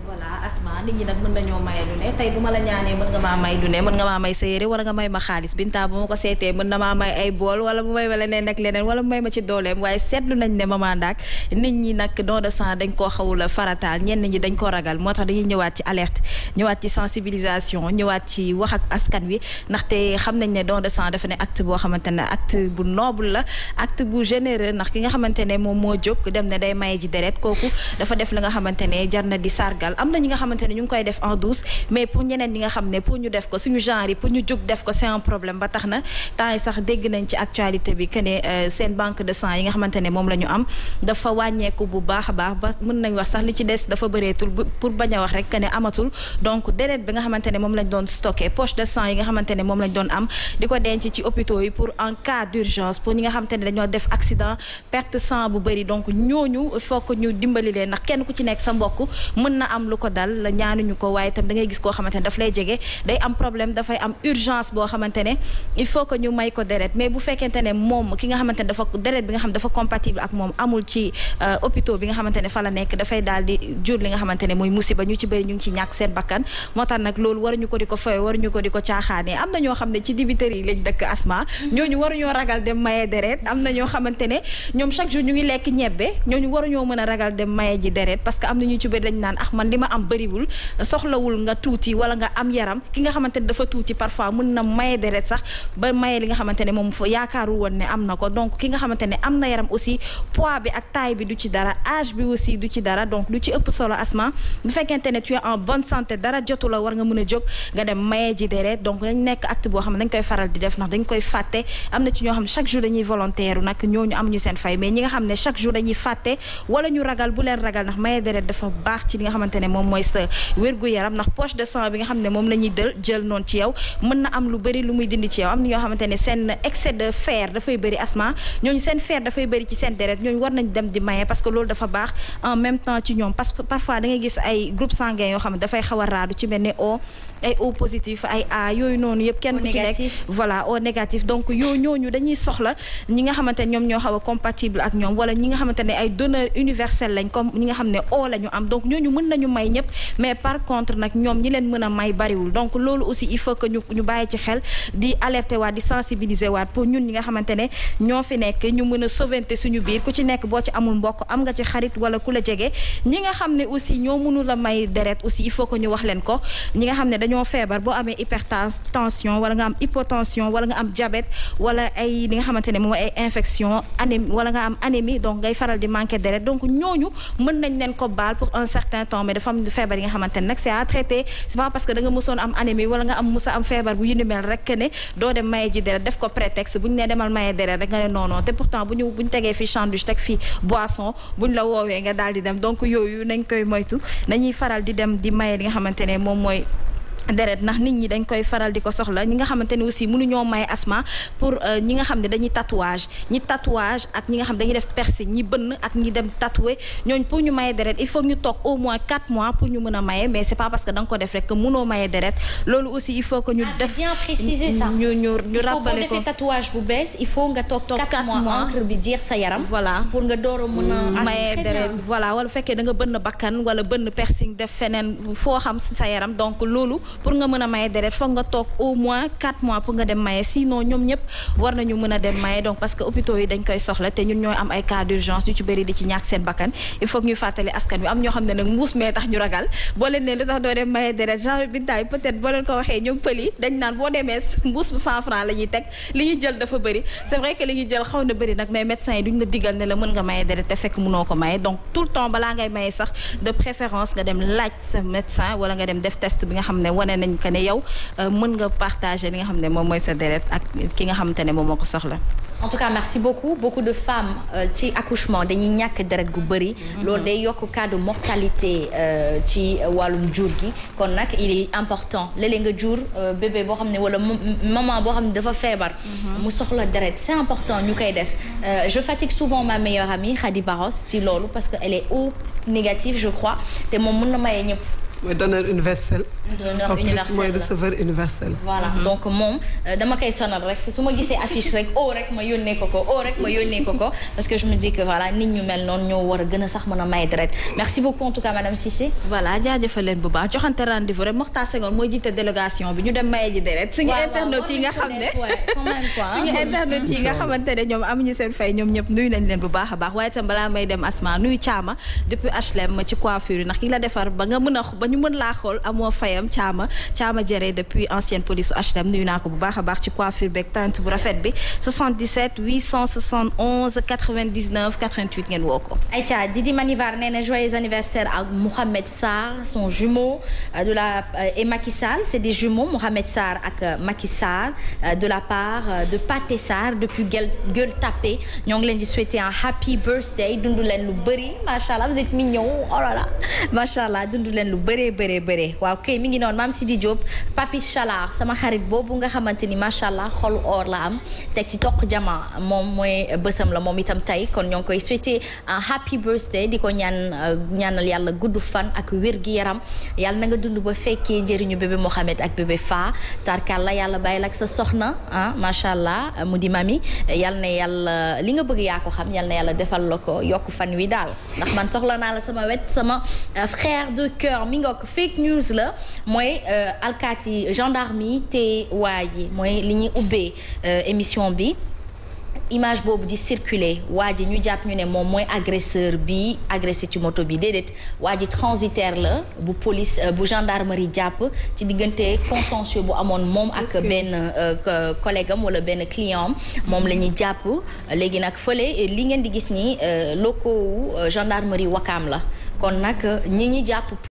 voilà Asma nit ñi nag mën nañoo maye du ne tey bu ma la ñaanee mën nga maa may du ne mën nga maa may sa yére wala nga may ma xaalis Binta bu ma ko seetee mën na maa may ay bool wala bu may ma leneen ak leneen wala bu may ci dooleem waaye seetlu nañ ne maman Ndak nit ñi nag don dañ koo xawula farataal ñenn ñi dañ ko ragal moo tax dañuy ñëwaat ci alerte ñëwaat ci sensibilisation ñëwaat ci wax ak askan wi ndaxte xam nañ ne don de sang dafa ne boo xamante ne acte bu noble la acte bu généreux ndax ki nga xamante ne moom moo jóg dem ne day maye ji deret kooku dafa def la nga am na ñi nga xamante ne ñu ngi koy def en douce mais pour ñeneen ñi nga xam ne pour ñu def ko suñu genre yi pour ñu jóg def ko c'est un problème ba tax na temps yi dégg nañ ci actualité bi que ne euh, seen banque de sang yi nga xamante ne moom lañu am dafa wàññeeku bu baax a mën nañ wax sax li ci des dafa bëreetul pour bañ a wax rek que ne amatul donc deret bi nga xamante ne moom lañ doon stocké poche de sens yi nga xamante ne moom lañ doon am di ko denc ci hôpitaux yi pour en cas d'urgence pour ñi nga xamante ne dañoo def accident perte sang bu bëri donc ñooñu fokk ñu dimbali leen ndax kenn ku ci nekk sa mbokk mën na am am lu ko dal ñaanuñu ko waaye itam da gis koo xamante ne daf jege day am problème dafay am urgence boo xamante ne il faut que ñu may ko deret mais bu fekkente ne moom ki nga xamante ne dafa deret bi nga euh, xamante ne fa musiba ñu ci bëri ñu ngi ci ñàkk seen bakkan moo tax nag loolu waruñu ko di ko foye waruñu ko di ko caaxaane am na ñoo xam ne ci dibiteri yi dëkk asma ñooñu waruñoo ragal dem maye deret am na ñoo xamante ne ñoom chaque jour a li ma am bëriwul soxlawul nga tuuti wala nga am yaram ki nga xamante ne dafa tuuti parfois mën na maye deret sax ba maye li nga xamante ne moom yaakaaru woon ne am na ko donc ki nga xamante ne am na yaram aussi poids bi ak taille bi du ci dara âge bi aussi a jóg nga dem maye ji deret donc dañ nekk acte boo xam dañ koy faral di def ndax dañ koy fàtte am na ci ñoo xam ne chaque jour dañuy volontaire nag ñooñu amuñu seen fay mais ñi nga xam ne chaque jour dañuy fàtte wala ne moom mooy sa wérgu yaram ndax poche de sang bi nga xam ne moom la ñuy dël jël noonu ci yow mën na am lu bëri lu muy dindi ci yow am na ñoo xamante ne seen excès de fer dafay bëri asthme ñooñu seen fer dafay bari ci seen deret ñooñu war nañ dem di maye parce que loolu dafa baax en même temps ci ñoom parce que parfois da ngay gis ay groupe sanguin yoo xam ne dafay xaw a raadu ci mel ni o ay O positif ay A yooyu noonu yëpp kenn ku voilà O négatif donc yoo ñooñu dañuy soxla ñi nga xamante ne ñoom ñoo xaw a compatible ak ñoom wala ñi nga xamante ne ay donneur universel lañ comme ñi nga xam ne O la ñu am donc ñooñu mën nañu may ñëpp mais par contre nag ñoom ñi leen mën a may bariwul donc loolu aussi il faut que ñu ñu bàyyi ci xel di alerté waat di sensibiliser waat pour ñun ñi nga xamante ne ñoo fi nekk ñu mën a sauveter suñu biir ku ci nekk boo ci amul mbokk am nga ci xarit wala ku la jege ñi nga xam ne aussi ñoo mënul a may deret aussi il faut que ñu wax leen ko ñi nga dañoo feebar boo amee hypertension wala nga am hypotension wala nga am diabète wala ay li nga xamante ne moom ay infection anémie wala nga am anémie donc ngay faral di manqué deret donc ñooñu mën nañ leen ko baal pour un certain temps mais dafa am feebar yi nga xamante ne nag c'est à traiter c'est pas parce que da nga mësoon am anémie wala nga am mësa am feebar bu yindi mel rek ne doo dem maye ji deret def ko prétexte buñ ñu nee demal maye deret rek nga ne non non te pourtant bu ñu bu ñu tegee fii sandwich teg fii boisson bu ñu la woowee nga daal di dem donc yooyu nañ koy moytu nañuy faral di dem di maye li nga xamante ne moom mooy deret ndax nit ñi dañ koy faral di ko soxla ñi nga xamante ne aussi ñoo may asma pour euh, ñi nga xam ne dañuy tatouage ñi tatouage ak ñi nga xam dañuy def piercing ñi bënn ak ñi dem tatoué ñooñ pour ñu maye deret il faut ñu toog au moins 4 mois pour ñu mën a maye mais c'est pas parce que da nga ko def rek que mënoo maye deret loolu aussi il faut que ñu ah, def bien préciser ça ñu ñu ñu rappelé ko boo defee tatouage bu bees il faut nga toog toog 4 mois encre bi jeex sa yaram voilà pour nga door a mën a mm, maye deret voilà wala fekkee da nga bënn bakkan wala bënn piercing def feneen foo xam sa yaram donc loolu pour nga mën a maye deret foog nga toog au moins 4 mois pour nga dem maye sinon ñoom ñëpp war nañu mën a dem maye donc parce que hôpitaux yi dañ koy soxla te ñun ñooy am ay cas d'urgence ñu ci bëri di ci ñàkk seen bakkan il faut que fàttali askan wi am ñoo xam ne nag mbuus mee tax ñu ragal boo lu tax doo dem maye deret genre bintaay peut être boo ko waxee ñoom pëli dañ naan boo demee mbuus bu 100 francs la teg li ñuy jël dafa bëri wane nañ que ne yow euh, mën nga partager li nga xam ne moom mooy sa deret ak ki nga xamante ne moom moo ko soxla. en tout cas merci beaucoup beaucoup de femmes euh, ci accouchement dañuy ñàkk deret gu bëri. Mhm. loolu day yokk cas de mortalité euh, ci wàllum jur gi kon nag il est important léeg nga jur bébé boo xam ne wala maman boo xam ne dafa feebar. Mhm. mu soxla deret c'est important ñu koy def je fatigue souvent ma meilleure amie Khady Baros ci loolu parce que elle est au négatif je crois te moom mën na maye ñëpp mooy donneur universel. donneur universel mooy receveur universel. voilà mhm. donc moom euh, dama koy sonal rek su ma gisee affiche rek oo oh rek ma yónnee ko ko oo oh rek ma yónnee ko ko parce que je me dis que voilà nit ñu mel noonu ñoo war a gën a sax mën a may deret merci beaucoup en tout cas madame Cissé. voilà jaajëfal leen bu baax joxante rendez-vous rek Mokhtar segon mooy jiite délégation bi ñu dem maye ji deret. suñu internet yi nga xam ne suñu hein. internet yi nga xamante ne ñoom amuñu seen fay ñoom ñëpp nuyu nañ leen bu baax a baax waaye itam balaa may dem asma nuyu caama depuis HLM ci coiffure yi ndax ki la defar ba nga mën a nous ñu mën laa xool amo fayam caama caama depuis ancienne police HLM nuyu naa ko bu baax a baax ci coiffure beeg teinte bu rafet bi 77 871 99 88 ngeen woo ko. Didi Manivar nee na joyeux anniversaire ak Mohamed Sarr son jumeau euh, de la euh, et Macky c'est des jumeaux Mohamed Sarr ak euh, Macky de la part de Pate Sarr depuis Gueule tapé. Tapée ñoo ngi leen di souhaiter un happy birthday dundu leen lu bëri macha vous êtes mignon oh là là macha allah dundu leen lu Bere bere bere, waaw kay mi ngi noonu maam Sidi Diop Papi chalar sama xarit boobu nga xamante ni macha allah xolu or la am teg ci toq jama moom mooy bësam la moom itam tey kon ñoo ngi koy souhaité un euh, happy birthday di ko ñaan euh, ñaanal yàlla gudd fan ak wér gi yaram yàlla na nga dund ba fekkee njëriñu bébé Mohamed ak bébé Fa tarkalla yàlla bàyyi la ak sa soxna ah macha allah euh, mu di mami yàlla ne yàlla li nga bëgg yaa ko xam yàlla ne yàlla defal la ko fan wi daal ndax man soxla naa la sama wet sama frère de cœur mi fake news la moi euh, Alcati gendarmerie gendarmerie te waa ji mooy li ñuy ubbee euh, émission bi image bobu di circuler wadi ñu japp ñu né mom agresseur bi agressé ci moto bi déedéet wadi transitaire la bu police euh, bu gendarmerie japp ci digënté contentieux bu amone mom ak ben collègue am wala ben client mom moom japp légui nak feulé li ngeen di gis ni locaux gendarmerie wakam la kon nak ñi ñi japp